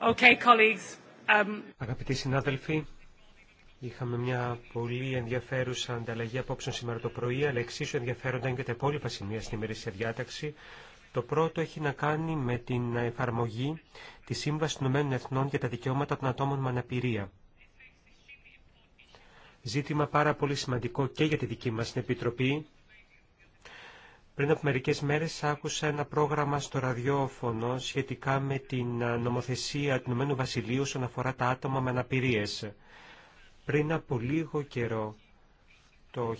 Okay, colleagues. Um, Αγαπητοί συνάδελφοι, είχαμε μια πολύ ενδιαφέρουσα ανταλλαγή απόψεων σήμερα το πρωί, αλλά εξίσου ενδιαφέρονταν και τα υπόλοιπα σημεία στην ημερήσια διάταξη. Το πρώτο έχει να κάνει με την εφαρμογή τη Σύμβαση των Ηνωμένων Εθνών για τα Δικαιώματα των Ατόμων με Αναπηρία. Ζήτημα πάρα πολύ σημαντικό και για τη δική μα την Επιτροπή, πριν από μερικές μέρες άκουσα ένα πρόγραμμα στο ραδιόφωνο σχετικά με την ε, νομοθεσία του Ηνωμένου Βασιλείου όσον αφορά τα άτομα με αναπηρίες. Πριν από λίγο καιρό, το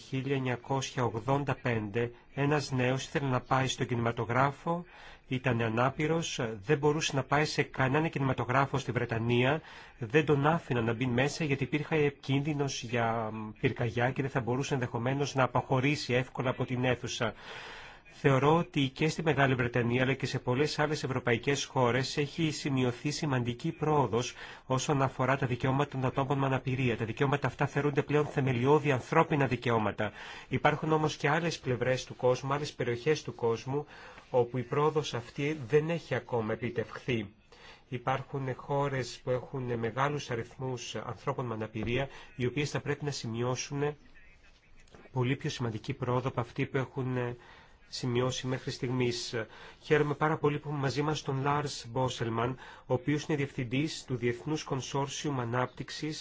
1985, ένας νέος ήθελε να πάει στον κινηματογράφο, ήταν ανάπηρος, δεν μπορούσε να πάει σε κανένα κινηματογράφο στη Βρετανία, δεν τον άφηνα να μπει μέσα γιατί υπήρχε κίνδυνος για πυρκαγιά και δεν θα μπορούσε ενδεχομένω να αποχωρήσει εύκολα από την αίθουσα. Θεωρώ ότι και στη Μεγάλη Βρετανία αλλά και σε πολλές άλλες ευρωπαϊκές χώρες έχει σημειωθεί σημαντική πρόοδος όσον αφορά τα δικαιώματα των ατόμων με αναπηρία. Τα δικαιώματα αυτά θεωρούνται πλέον θεμελιώδη ανθρώπινα δικαιώματα. Υπάρχουν όμως και άλλες πλευρές του κόσμου, άλλες περιοχές του κόσμου όπου η πρόοδος αυτή δεν έχει ακόμα επιτευχθεί. Υπάρχουν χώρες που έχουν μεγάλους αριθμούς ανθρώπων με αναπηρία, οι οποίες θα πρέπει να σημειώσουν πολύ πιο σημαντική πρόοδο από αυτή που έχουν σημειώσει μέχρι στιγμή. Χαίρομαι πάρα πολύ που μαζί μα τον Λάρς Μπόσελμαν, ο οποίο είναι διευθυντή του Διεθνού Κονσόρσιου ανάπτυξη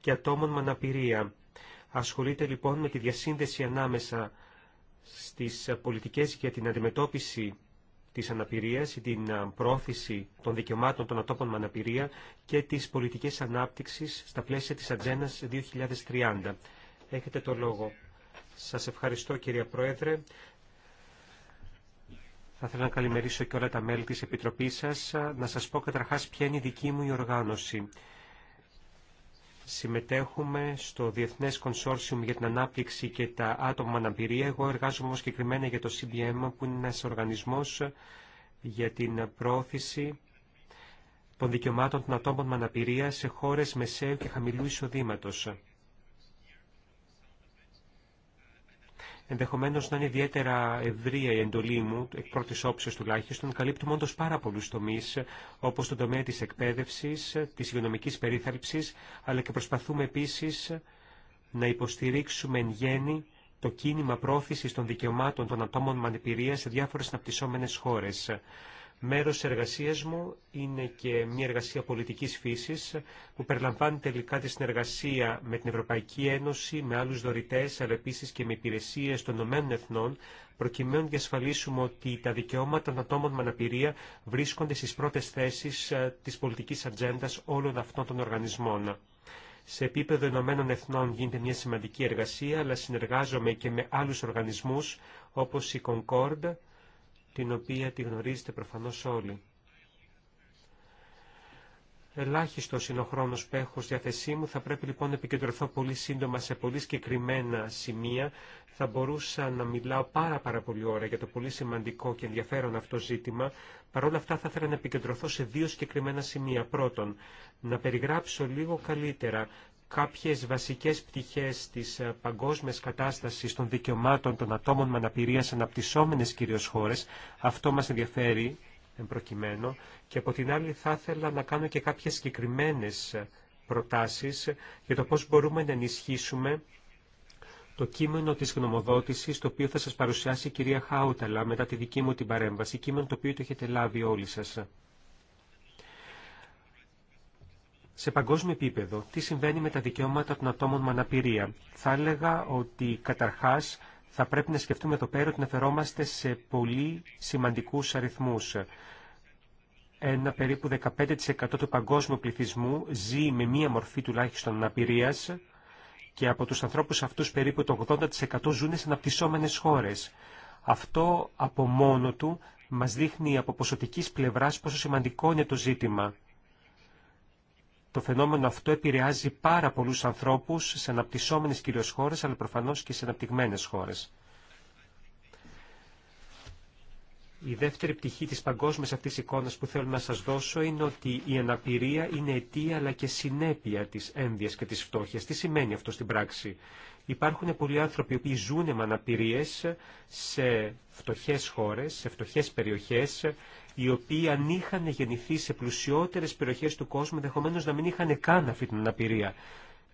και Ατόμων με Αναπηρία. Ασχολείται λοιπόν με τη διασύνδεση ανάμεσα στι πολιτικέ για την αντιμετώπιση της αναπηρία ή την πρόθεση των δικαιωμάτων των ατόμων με αναπηρία και τις πολιτικές ανάπτυξης στα πλαίσια της Ατζένα 2030. Έχετε το λόγο. Σας ευχαριστώ κυρία Πρόεδρε. Θα ήθελα να καλημερίσω και όλα τα μέλη της Επιτροπής σας. Να σας πω καταρχάς ποια είναι η δική μου η οργάνωση. Συμμετέχουμε στο Διεθνές Κονσόρσιουμ για την Ανάπτυξη και τα άτομα αναπηρία. Εγώ εργάζομαι όμως συγκεκριμένα για το CBM, που είναι ένας οργανισμός για την πρόθεση των δικαιωμάτων των ατόμων με αναπηρία σε χώρες μεσαίου και χαμηλού εισοδήματος. Ενδεχομένω να είναι ιδιαίτερα ευρία η εντολή μου, εκ πρώτη όψεω τουλάχιστον, καλύπτουμε όντω πάρα πολλού τομεί, όπω τον τομέα τη εκπαίδευση, τη υγειονομική περίθαλψη, αλλά και προσπαθούμε επίση να υποστηρίξουμε εν γέννη το κίνημα πρόθεση των δικαιωμάτων των ατόμων με σε διάφορε αναπτυσσόμενε χώρε. Μέρος της εργασίας μου είναι και μια εργασία πολιτικής φύσης που περιλαμβάνει τελικά τη συνεργασία με την Ευρωπαϊκή Ένωση, με άλλους δωρητές, αλλά επίσης και με υπηρεσίες των Ηνωμένων Εθνών, προκειμένου να διασφαλίσουμε ότι τα δικαιώματα των ατόμων με αναπηρία βρίσκονται στις πρώτες θέσεις ε, της πολιτικής ατζέντα όλων αυτών των οργανισμών. Σε επίπεδο Ηνωμένων Εθνών γίνεται μια σημαντική εργασία, αλλά συνεργάζομαι και με άλλους οργανισμούς όπως η Concord, την οποία τη γνωρίζετε προφανώς όλοι. Ελάχιστο είναι ο χρόνο που έχω στη διάθεσή μου. Θα πρέπει λοιπόν να επικεντρωθώ πολύ σύντομα σε πολύ συγκεκριμένα σημεία. Θα μπορούσα να μιλάω πάρα, πάρα πολύ ώρα για το πολύ σημαντικό και ενδιαφέρον αυτό ζήτημα. Παρ' όλα αυτά θα ήθελα να επικεντρωθώ σε δύο συγκεκριμένα σημεία. Πρώτον, να περιγράψω λίγο καλύτερα κάποιες βασικές πτυχές της ε, παγκόσμιας κατάστασης των δικαιωμάτων των ατόμων με αναπηρία σε αναπτυσσόμενες κυρίως χώρες. Αυτό μας ενδιαφέρει εμπροκειμένο και από την άλλη θα ήθελα να κάνω και κάποιες συγκεκριμένε ε, προτάσεις ε, για το πώς μπορούμε να ενισχύσουμε το κείμενο της γνωμοδότησης το οποίο θα σας παρουσιάσει η κυρία Χάουταλα μετά τη δική μου την παρέμβαση, κείμενο το οποίο το έχετε λάβει όλοι σας. σε παγκόσμιο επίπεδο τι συμβαίνει με τα δικαιώματα των ατόμων με αναπηρία. Θα έλεγα ότι καταρχάς θα πρέπει να σκεφτούμε εδώ πέρα ότι αναφερόμαστε σε πολύ σημαντικούς αριθμούς. Ένα περίπου 15% του παγκόσμιου πληθυσμού ζει με μία μορφή τουλάχιστον αναπηρίας και από τους ανθρώπους αυτούς περίπου το 80% ζουν σε αναπτυσσόμενες χώρες. Αυτό από μόνο του μας δείχνει από ποσοτικής πλευράς πόσο σημαντικό είναι το ζήτημα. Το φαινόμενο αυτό επηρεάζει πάρα πολλούς ανθρώπους σε αναπτυσσόμενες κυρίως χώρες, αλλά προφανώς και σε αναπτυγμένες χώρες. Η δεύτερη πτυχή της παγκόσμιας αυτής εικόνας που θέλω να σας δώσω είναι ότι η αναπηρία είναι αιτία αλλά και συνέπεια της ένδυας και της φτώχειας. Τι σημαίνει αυτό στην πράξη. Υπάρχουν πολλοί άνθρωποι που ζουν με αναπηρίες σε φτωχές χώρες, σε φτωχές περιοχές οι οποίοι αν είχαν γεννηθεί σε πλουσιότερες περιοχές του κόσμου, ενδεχομένω να μην είχαν καν αυτή την αναπηρία.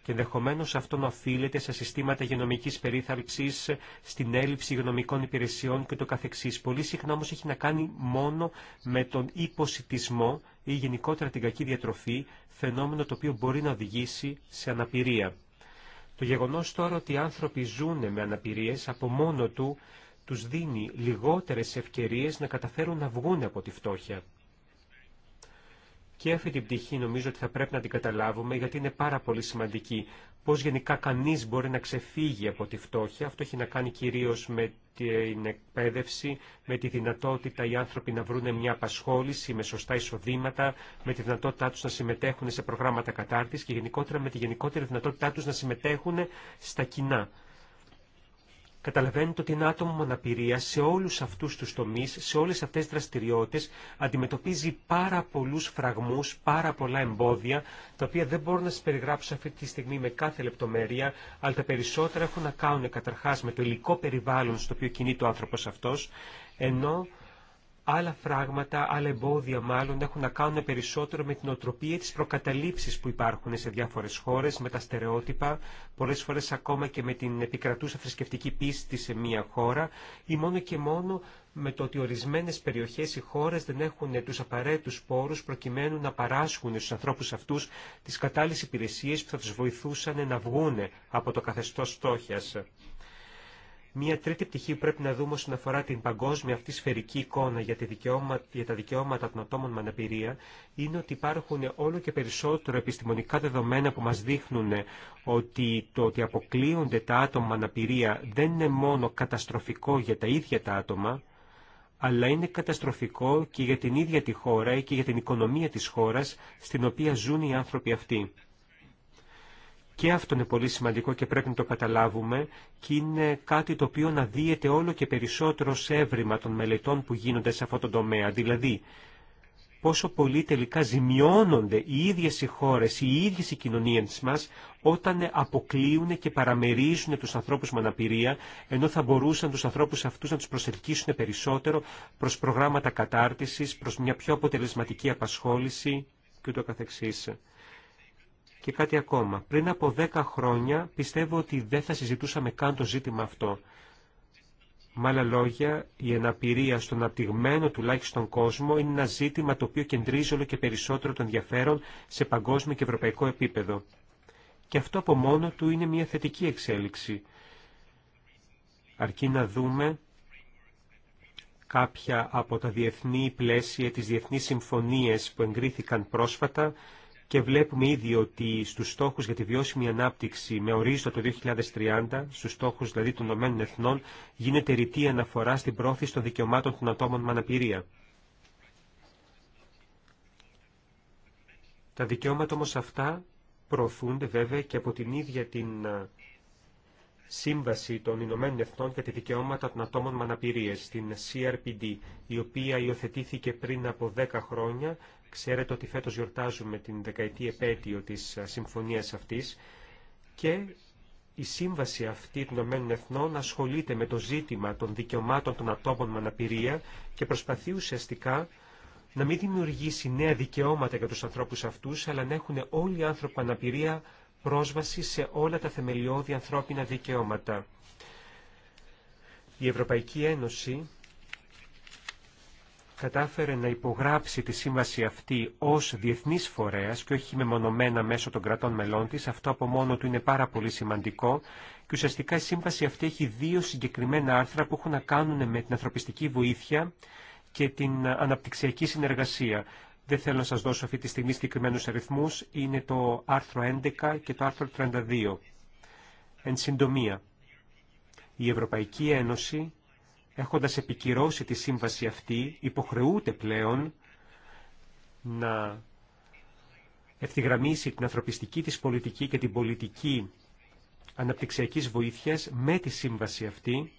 Και ενδεχομένω αυτό να οφείλεται σε συστήματα υγειονομική περίθαλψης, στην έλλειψη υγειονομικών υπηρεσιών και το καθεξής. Πολύ συχνά όμως έχει να κάνει μόνο με τον υποσυτισμό ή γενικότερα την κακή διατροφή, φαινόμενο το οποίο μπορεί να οδηγήσει σε αναπηρία. Το γεγονός τώρα ότι οι άνθρωποι ζουν με αναπηρίες από μόνο του τους δίνει λιγότερες ευκαιρίες να καταφέρουν να βγουν από τη φτώχεια. Και αυτή την πτυχή νομίζω ότι θα πρέπει να την καταλάβουμε γιατί είναι πάρα πολύ σημαντική. Πώς γενικά κανείς μπορεί να ξεφύγει από τη φτώχεια. Αυτό έχει να κάνει κυρίως με την εκπαίδευση, με τη δυνατότητα οι άνθρωποι να βρουν μια απασχόληση με σωστά εισοδήματα, με τη δυνατότητά τους να συμμετέχουν σε προγράμματα κατάρτισης και γενικότερα με τη γενικότερη δυνατότητά τους να συμμετέχουν στα κοινά. Καταλαβαίνετε ότι ένα άτομο με αναπηρία σε όλους αυτούς τους τομείς, σε όλες αυτές τις δραστηριότητες, αντιμετωπίζει πάρα πολλούς φραγμούς, πάρα πολλά εμπόδια, τα οποία δεν μπορώ να σας περιγράψω αυτή τη στιγμή με κάθε λεπτομέρεια, αλλά τα περισσότερα έχουν να κάνουν καταρχάς με το υλικό περιβάλλον στο οποίο κινείται ο άνθρωπος αυτός, ενώ άλλα φράγματα, άλλα εμπόδια μάλλον έχουν να κάνουν περισσότερο με την οτροπία της προκαταλήψης που υπάρχουν σε διάφορες χώρες, με τα στερεότυπα, πολλές φορές ακόμα και με την επικρατούσα θρησκευτική πίστη σε μία χώρα ή μόνο και μόνο με το ότι ορισμένες περιοχές ή χώρες δεν έχουν τους απαραίτητους πόρους προκειμένου να παράσχουν στους ανθρώπους αυτούς τις κατάλληλες υπηρεσίες που θα τους βοηθούσαν να βγούνε από το καθεστώς στόχιας. Μία τρίτη πτυχή που πρέπει να δούμε όσον αφορά την παγκόσμια αυτή σφαιρική εικόνα για, τη δικαιώμα, για τα δικαιώματα των ατόμων με αναπηρία είναι ότι υπάρχουν όλο και περισσότερο επιστημονικά δεδομένα που μας δείχνουν ότι το ότι αποκλείονται τα άτομα με αναπηρία δεν είναι μόνο καταστροφικό για τα ίδια τα άτομα, αλλά είναι καταστροφικό και για την ίδια τη χώρα ή και για την οικονομία της χώρας στην οποία ζουν οι άνθρωποι αυτοί. Και αυτό είναι πολύ σημαντικό και πρέπει να το καταλάβουμε και είναι κάτι το οποίο να δίεται όλο και περισσότερο σε έβριμα των μελετών που γίνονται σε αυτό το τομέα. Δηλαδή, πόσο πολύ τελικά ζημιώνονται οι ίδιες οι χώρες, οι ίδιες οι κοινωνίες μας όταν αποκλείουν και παραμερίζουν τους ανθρώπους με αναπηρία ενώ θα μπορούσαν τους ανθρώπους αυτούς να τους προσελκύσουν περισσότερο προς προγράμματα κατάρτισης, προς μια πιο αποτελεσματική απασχόληση κ.ο.κ. Και κάτι ακόμα. Πριν από δέκα χρόνια πιστεύω ότι δεν θα συζητούσαμε καν το ζήτημα αυτό. Με άλλα λόγια, η εναπηρία στον απτυγμένο τουλάχιστον κόσμο είναι ένα ζήτημα το οποίο κεντρίζει όλο και περισσότερο τον ενδιαφέρον σε παγκόσμιο και ευρωπαϊκό επίπεδο. Και αυτό από μόνο του είναι μια θετική εξέλιξη. Αρκεί να δούμε κάποια από τα διεθνή πλαίσια, τις διεθνείς συμφωνίες που εγκρίθηκαν πρόσφατα και βλέπουμε ήδη ότι στους στόχους για τη βιώσιμη ανάπτυξη με ορίζοντα το 2030, στους στόχους δηλαδή των ΗΕ, Εθνών, γίνεται ρητή αναφορά στην πρόθεση των δικαιωμάτων των ατόμων με αναπηρία. Τα δικαιώματα όμως αυτά προωθούνται βέβαια και από την ίδια την Σύμβαση των Ηνωμένων Εθνών για τα Δικαιώματα των Ατόμων με Αναπηρίες, την CRPD, η οποία υιοθετήθηκε πριν από 10 χρόνια Ξέρετε ότι φέτος γιορτάζουμε την δεκαετή επέτειο της συμφωνίας αυτής και η σύμβαση αυτή των Ηνωμένων Εθνών ασχολείται με το ζήτημα των δικαιωμάτων των ατόμων με αναπηρία και προσπαθεί ουσιαστικά να μην δημιουργήσει νέα δικαιώματα για τους ανθρώπους αυτούς, αλλά να έχουν όλοι οι άνθρωποι αναπηρία πρόσβαση σε όλα τα θεμελιώδη ανθρώπινα δικαιώματα. Η Ευρωπαϊκή Ένωση κατάφερε να υπογράψει τη σύμβαση αυτή ως διεθνής φορέας και όχι μεμονωμένα μέσω των κρατών μελών της, αυτό από μόνο του είναι πάρα πολύ σημαντικό και ουσιαστικά η σύμβαση αυτή έχει δύο συγκεκριμένα άρθρα που έχουν να κάνουν με την ανθρωπιστική βοήθεια και την αναπτυξιακή συνεργασία. Δεν θέλω να σας δώσω αυτή τη στιγμή συγκεκριμένους αριθμούς, είναι το άρθρο 11 και το άρθρο 32. Εν συντομία, η Ευρωπαϊκή Ένωση έχοντας επικυρώσει τη σύμβαση αυτή, υποχρεούται πλέον να ευθυγραμμίσει την ανθρωπιστική της πολιτική και την πολιτική αναπτυξιακής βοήθειας με τη σύμβαση αυτή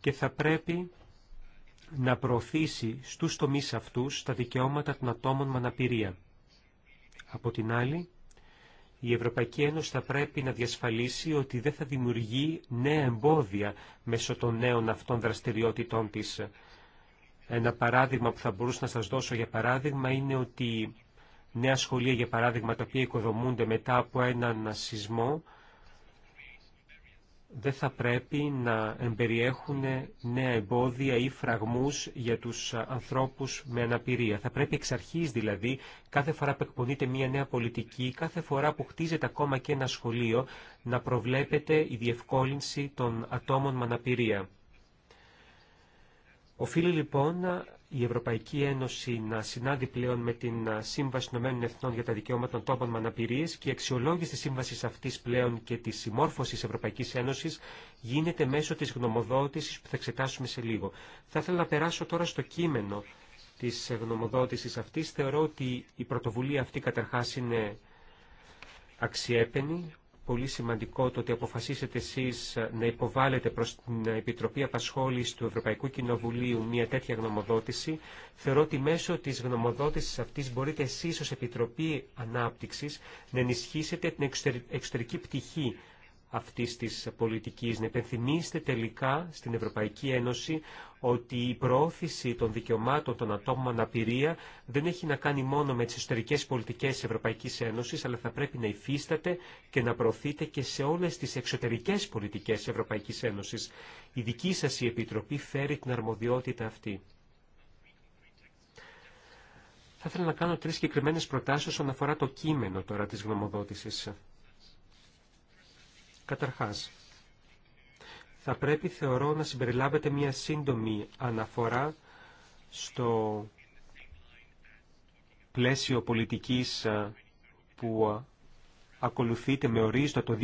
και θα πρέπει να προωθήσει στους τομείς αυτούς τα δικαιώματα των ατόμων με αναπηρία. Από την άλλη, η Ευρωπαϊκή Ένωση θα πρέπει να διασφαλίσει ότι δεν θα δημιουργεί νέα εμπόδια μέσω των νέων αυτών δραστηριότητών της. Ένα παράδειγμα που θα μπορούσα να σας δώσω για παράδειγμα είναι ότι νέα σχολεία για παράδειγμα τα οποία οικοδομούνται μετά από έναν σεισμό δεν θα πρέπει να εμπεριέχουν νέα εμπόδια ή φραγμούς για τους ανθρώπους με αναπηρία. Θα πρέπει εξ αρχής δηλαδή, κάθε φορά που εκπονείται μια νέα πολιτική, κάθε φορά που χτίζεται ακόμα και ένα σχολείο, να προβλέπεται η διευκόλυνση των ατόμων με αναπηρία. Οφείλει λοιπόν η Ευρωπαϊκή Ένωση να συνάδει πλέον με την Σύμβαση Ηνωμένων Εθνών για τα Δικαιώματα των Τόπων με Αναπηρίε και η αξιολόγηση τη σύμβαση αυτή πλέον και τη συμμόρφωση Ευρωπαϊκή Ένωση γίνεται μέσω τη γνωμοδότηση που θα εξετάσουμε σε λίγο. Θα ήθελα να περάσω τώρα στο κείμενο τη γνωμοδότηση αυτή. Θεωρώ ότι η πρωτοβουλία αυτή καταρχά είναι αξιέπαινη πολύ σημαντικό το ότι αποφασίσετε εσείς να υποβάλλετε προς την Επιτροπή Απασχόλησης του Ευρωπαϊκού Κοινοβουλίου μια τέτοια γνωμοδότηση. Θεωρώ ότι μέσω της γνωμοδότησης αυτής μπορείτε εσείς ως Επιτροπή Ανάπτυξης να ενισχύσετε την εξωτερική πτυχή αυτής της πολιτικής, να υπενθυμίσετε τελικά στην Ευρωπαϊκή Ένωση ότι η προώθηση των δικαιωμάτων των ατόμων αναπηρία δεν έχει να κάνει μόνο με τις εσωτερικές πολιτικές της Ευρωπαϊκής Ένωσης, αλλά θα πρέπει να υφίσταται και να προωθείται και σε όλες τις εξωτερικές πολιτικές της Ευρωπαϊκής Ένωσης. Η δική σας η Επιτροπή φέρει την αρμοδιότητα αυτή. Θα ήθελα να κάνω τρεις συγκεκριμένε προτάσεις όσον αφορά το κείμενο τώρα της γνωμοδότησης. Καταρχάς, θα πρέπει θεωρώ να συμπεριλάβετε μια σύντομη αναφορά στο πλαίσιο πολιτικής ε, που ε, ακολουθείται με ορίζοντα το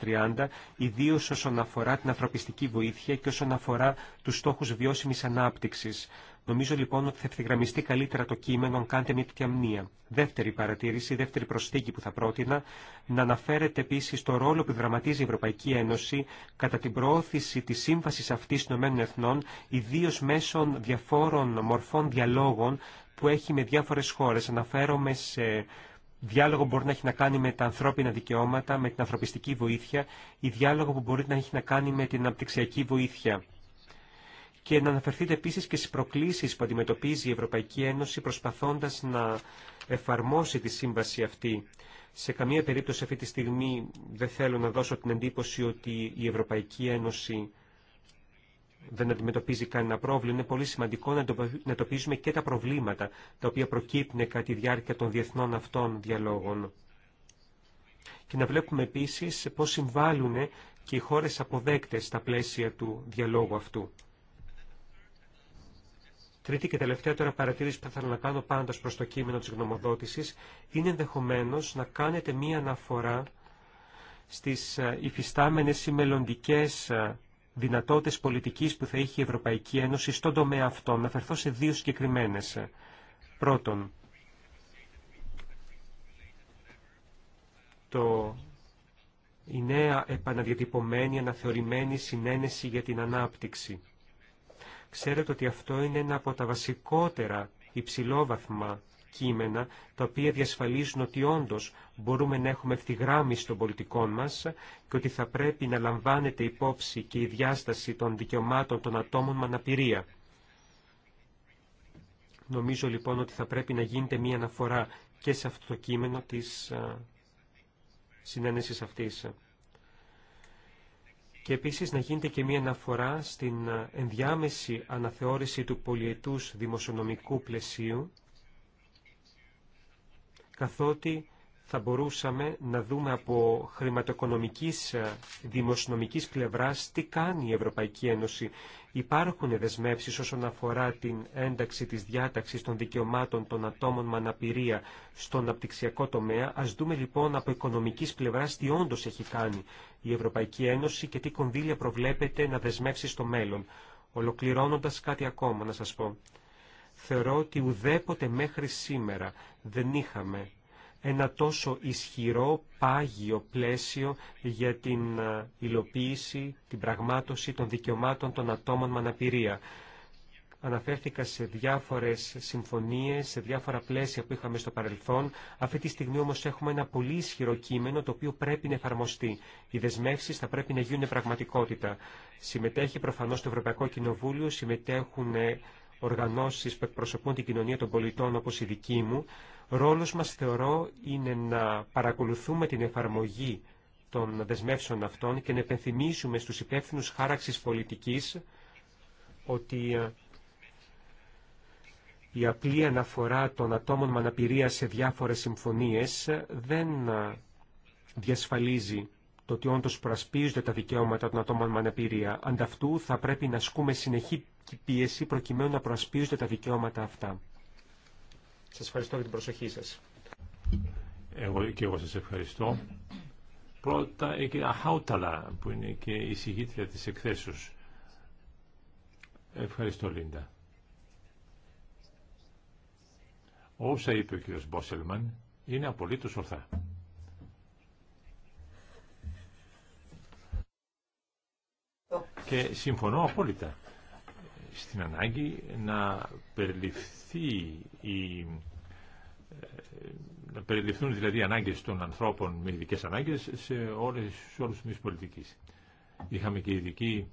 2030, ιδίω όσον αφορά την ανθρωπιστική βοήθεια και όσον αφορά τους στόχους βιώσιμης ανάπτυξης. Νομίζω λοιπόν ότι θα ευθυγραμμιστεί καλύτερα το κείμενο αν κάνετε μια τέτοια μνήμα. Δεύτερη παρατήρηση, δεύτερη προσθήκη που θα πρότεινα, να αναφέρεται επίση το ρόλο που δραματίζει η Ευρωπαϊκή Ένωση κατά την προώθηση τη σύμβαση αυτή των Εθνών, ιδίω μέσω διαφόρων μορφών διαλόγων που έχει με διάφορε χώρε. Αναφέρομαι σε διάλογο που μπορεί να έχει να κάνει με τα ανθρώπινα δικαιώματα, με την ανθρωπιστική βοήθεια ή διάλογο που μπορεί να έχει να κάνει με την αναπτυξιακή βοήθεια και να αναφερθείτε επίσης και στις προκλήσεις που αντιμετωπίζει η Ευρωπαϊκή Ένωση προσπαθώντας να εφαρμόσει τη σύμβαση αυτή. Σε καμία περίπτωση αυτή τη στιγμή δεν θέλω να δώσω την εντύπωση ότι η Ευρωπαϊκή Ένωση δεν αντιμετωπίζει κανένα πρόβλημα. Είναι πολύ σημαντικό να αντιμετωπίζουμε και τα προβλήματα τα οποία προκύπτουν κατά τη διάρκεια των διεθνών αυτών διαλόγων. Και να βλέπουμε επίσης πώς συμβάλλουν και οι χώρες αποδέκτες στα πλαίσια του διαλόγου αυτού. Τρίτη και τελευταία τώρα παρατήρηση που θα ήθελα να κάνω πάντα προς το κείμενο της γνωμοδότησης είναι ενδεχομένω να κάνετε μία αναφορά στις ε, υφιστάμενες ή μελλοντικέ ε, δυνατότητες πολιτικής που θα έχει η Ευρωπαϊκή Ένωση στον τομέα αυτό. Να φερθώ σε δύο συγκεκριμένες. Πρώτον, το η νέα επαναδιατυπωμένη, αναθεωρημένη συνένεση για την ανάπτυξη. Ξέρετε ότι αυτό είναι ένα από τα βασικότερα υψηλόβαθμα κείμενα, τα οποία διασφαλίζουν ότι όντως μπορούμε να έχουμε ευθυγράμμιση των πολιτικών μας και ότι θα πρέπει να λαμβάνεται υπόψη και η διάσταση των δικαιωμάτων των ατόμων με αναπηρία. Νομίζω λοιπόν ότι θα πρέπει να γίνεται μία αναφορά και σε αυτό το κείμενο της ε, συνένεσης αυτής και επίσης να γίνεται και μία αναφορά στην ε, ενδιάμεση αναθεώρηση του πολιετούς δημοσιονομικού πλαισίου, καθότι θα μπορούσαμε να δούμε από χρηματοοικονομικής, ε, δημοσιονομικής πλευράς τι κάνει η Ευρωπαϊκή Ένωση. Υπάρχουν δεσμεύσεις όσον αφορά την ένταξη της διάταξης των δικαιωμάτων των ατόμων με αναπηρία στον απτυξιακό τομέα. Ας δούμε λοιπόν από οικονομικής πλευράς τι όντως έχει κάνει η Ευρωπαϊκή Ένωση και τι κονδύλια προβλέπεται να δεσμεύσει στο μέλλον. Ολοκληρώνοντας κάτι ακόμα να σας πω. Θεωρώ ότι ουδέποτε μέχρι σήμερα δεν είχαμε ένα τόσο ισχυρό πάγιο πλαίσιο για την ε, υλοποίηση, την πραγμάτωση των δικαιωμάτων των ατόμων με αναπηρία. Αναφέρθηκα σε διάφορες συμφωνίες, σε διάφορα πλαίσια που είχαμε στο παρελθόν. Αυτή τη στιγμή όμως έχουμε ένα πολύ ισχυρό κείμενο το οποίο πρέπει να εφαρμοστεί. Οι δεσμεύσει θα πρέπει να γίνουν πραγματικότητα. Συμμετέχει προφανώς το Ευρωπαϊκό Κοινοβούλιο, συμμετέχουν οργανώσεις που εκπροσωπούν την κοινωνία των πολιτών όπως η δική μου, ρόλος μας θεωρώ είναι να παρακολουθούμε την εφαρμογή των δεσμεύσεων αυτών και να επενθυμίσουμε στους υπεύθυνου χάραξης πολιτικής ότι ε, η απλή αναφορά των ατόμων με αναπηρία σε διάφορες συμφωνίες δεν ε, διασφαλίζει το ότι όντω προασπίζονται τα δικαιώματα των ατόμων με αναπηρία. Ανταυτού θα πρέπει να ασκούμε συνεχή πίεση προκειμένου να προασπίζονται τα δικαιώματα αυτά. Σας ευχαριστώ για την προσοχή σας. Εγώ και εγώ σας ευχαριστώ. Πρώτα η κυρία Χάουταλα που είναι και η συγγήτρια της εκθέσεως. Ευχαριστώ Λίντα. Όσα είπε ο κύριος Μπόσελμαν είναι απολύτως ορθά. Και συμφωνώ απόλυτα στην ανάγκη να περιληφθεί η ε, να περιληφθούν δηλαδή οι ανάγκες των ανθρώπων με ειδικέ ανάγκες σε, όλες, σε όλους τους πολιτικής. Είχαμε και ειδική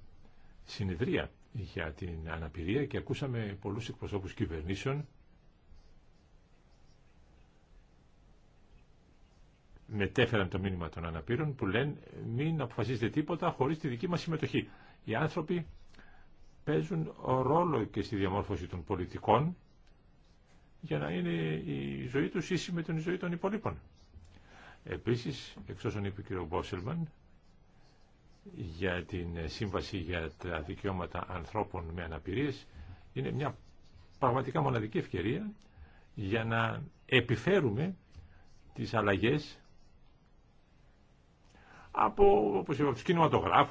συνεδρία για την αναπηρία και ακούσαμε πολλούς εκπροσώπους κυβερνήσεων μετέφεραν το μήνυμα των αναπήρων που λένε μην αποφασίζετε τίποτα χωρίς τη δική μας συμμετοχή. Οι άνθρωποι παίζουν ρόλο και στη διαμόρφωση των πολιτικών για να είναι η ζωή τους ίση με την ζωή των υπολείπων. Επίσης, εξ όσων είπε ο κ. Μπόσελμαν, για την Σύμβαση για τα Δικαιώματα Ανθρώπων με Αναπηρίες, είναι μια πραγματικά μοναδική ευκαιρία για να επιφέρουμε τις αλλαγές από, όπως είπα, τους και ούτω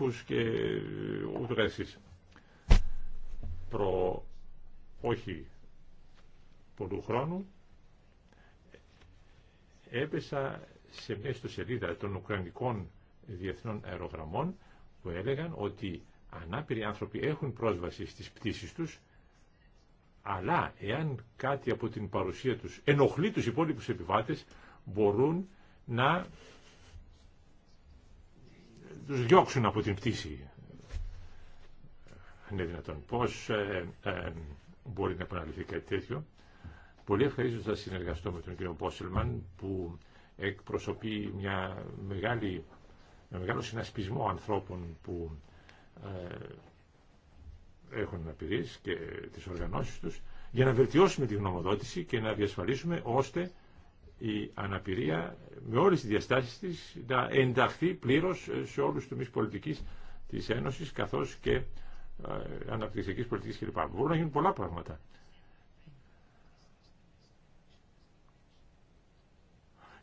Προ όχι πολλού χρόνου έπεσα σε μια ιστοσελίδα των Ουκρανικών Διεθνών Αερογραμμών που έλεγαν ότι ανάπηροι άνθρωποι έχουν πρόσβαση στις πτήσεις τους αλλά εάν κάτι από την παρουσία τους ενοχλεί τους υπόλοιπους επιβάτες μπορούν να τους διώξουν από την πτήση. Είναι δυνατόν. Πώς ε, ε μπορεί να επαναληφθεί κάτι τέτοιο. Πολύ ευχαρίστω να συνεργαστώ με τον κύριο Πόσελμαν που εκπροσωπεί μια μεγάλη, ένα μεγάλο συνασπισμό ανθρώπων που ε, έχουν απειρίες και τις οργανώσεις τους για να βελτιώσουμε τη γνωμοδότηση και να διασφαλίσουμε ώστε η αναπηρία με όλες τις διαστάσεις της να ενταχθεί πλήρως σε όλους τους τομείς πολιτικής της Ένωσης καθώς και ε, αναπτυξιακής πολιτικής κλπ. Μπορούν να γίνουν πολλά πράγματα.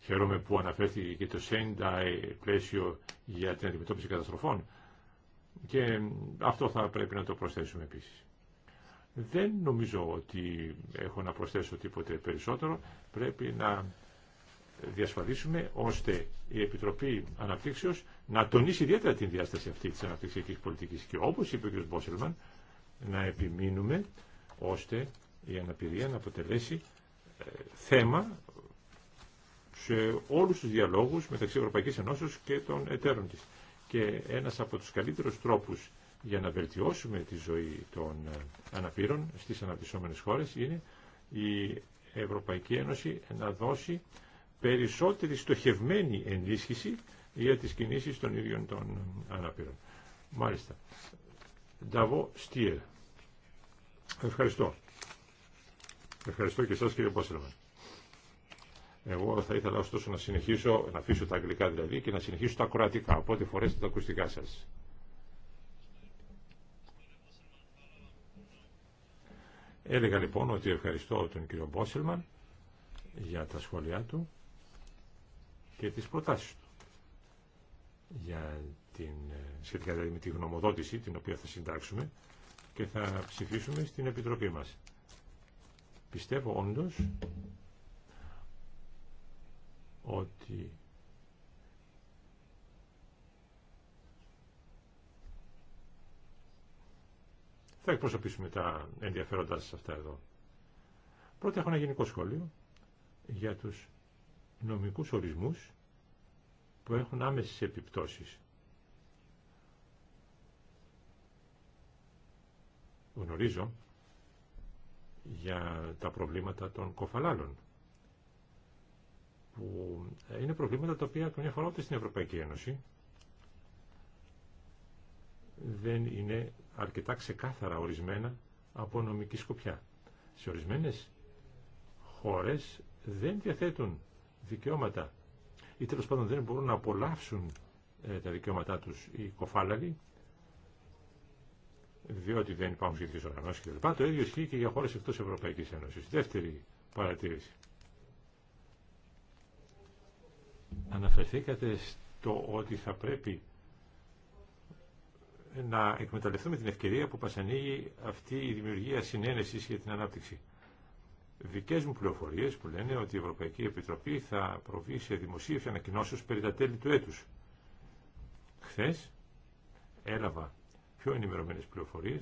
Χαίρομαι που αναφέρθηκε και το Σέντα πλαίσιο για την αντιμετώπιση καταστροφών και ε, αυτό θα πρέπει να το προσθέσουμε επίσης. Δεν νομίζω ότι έχω να προσθέσω τίποτε περισσότερο. Πρέπει να διασφαλίσουμε ώστε η Επιτροπή Αναπτύξεως να τονίσει ιδιαίτερα την διάσταση αυτή της αναπτυξιακής πολιτικής και όπως είπε ο κ. Μπόσελμαν να επιμείνουμε ώστε η αναπηρία να αποτελέσει ε, θέμα σε όλους τους διαλόγους μεταξύ Ευρωπαϊκής Ενώσεως και των εταίρων της. Και ένας από τους καλύτερους τρόπους για να βελτιώσουμε τη ζωή των ε, αναπήρων στις αναπτυσσόμενες χώρες είναι η Ευρωπαϊκή Ένωση να δώσει περισσότερη στοχευμένη ενίσχυση για τις κινήσεις των ίδιων των αναπήρων. Μάλιστα. Νταβό Στίερ. Ευχαριστώ. Ευχαριστώ και εσάς κύριε πόσελμαν. Εγώ θα ήθελα ωστόσο να συνεχίσω, να αφήσω τα αγγλικά δηλαδή και να συνεχίσω τα κροατικά, οπότε φορέστε τα ακουστικά σας. Έλεγα λοιπόν ότι ευχαριστώ τον κύριο Μπόσελμαν για τα σχόλιά του και τις προτάσεις του για την, ε, σχετικά δηλαδή με τη γνωμοδότηση την οποία θα συντάξουμε και θα ψηφίσουμε στην Επιτροπή μας. Πιστεύω όντως ότι θα εκπροσωπήσουμε τα ενδιαφέροντά σας αυτά εδώ. Πρώτα έχω ένα γενικό σχόλιο για τους νομικούς ορισμούς που έχουν άμεσες επιπτώσεις. Γνωρίζω για τα προβλήματα των κοφαλάλων που είναι προβλήματα τα οποία καμιά φορά ούτε στην Ευρωπαϊκή Ένωση δεν είναι αρκετά ξεκάθαρα ορισμένα από νομική σκοπιά. Σε ορισμένες χώρες δεν διαθέτουν δικαιώματα ή τέλο πάντων δεν μπορούν να απολαύσουν ε, τα δικαιώματά τους οι κοφάλαλοι διότι δεν υπάρχουν σχετικέ οργανώσει κλπ. Το ίδιο ισχύει και για χώρες εκτός Ευρωπαϊκής Ένωσης. Δεύτερη παρατήρηση. Αναφερθήκατε στο ότι θα πρέπει να εκμεταλλευτούμε την ευκαιρία που μας ανοίγει αυτή η δημιουργία συνένεσης για την ανάπτυξη. Δικέ μου πληροφορίε που λένε ότι η Ευρωπαϊκή Επιτροπή θα προβεί σε δημοσίευση ανακοινώσεως περί τα τέλη του έτου. Χθες έλαβα πιο ενημερωμένε πληροφορίε,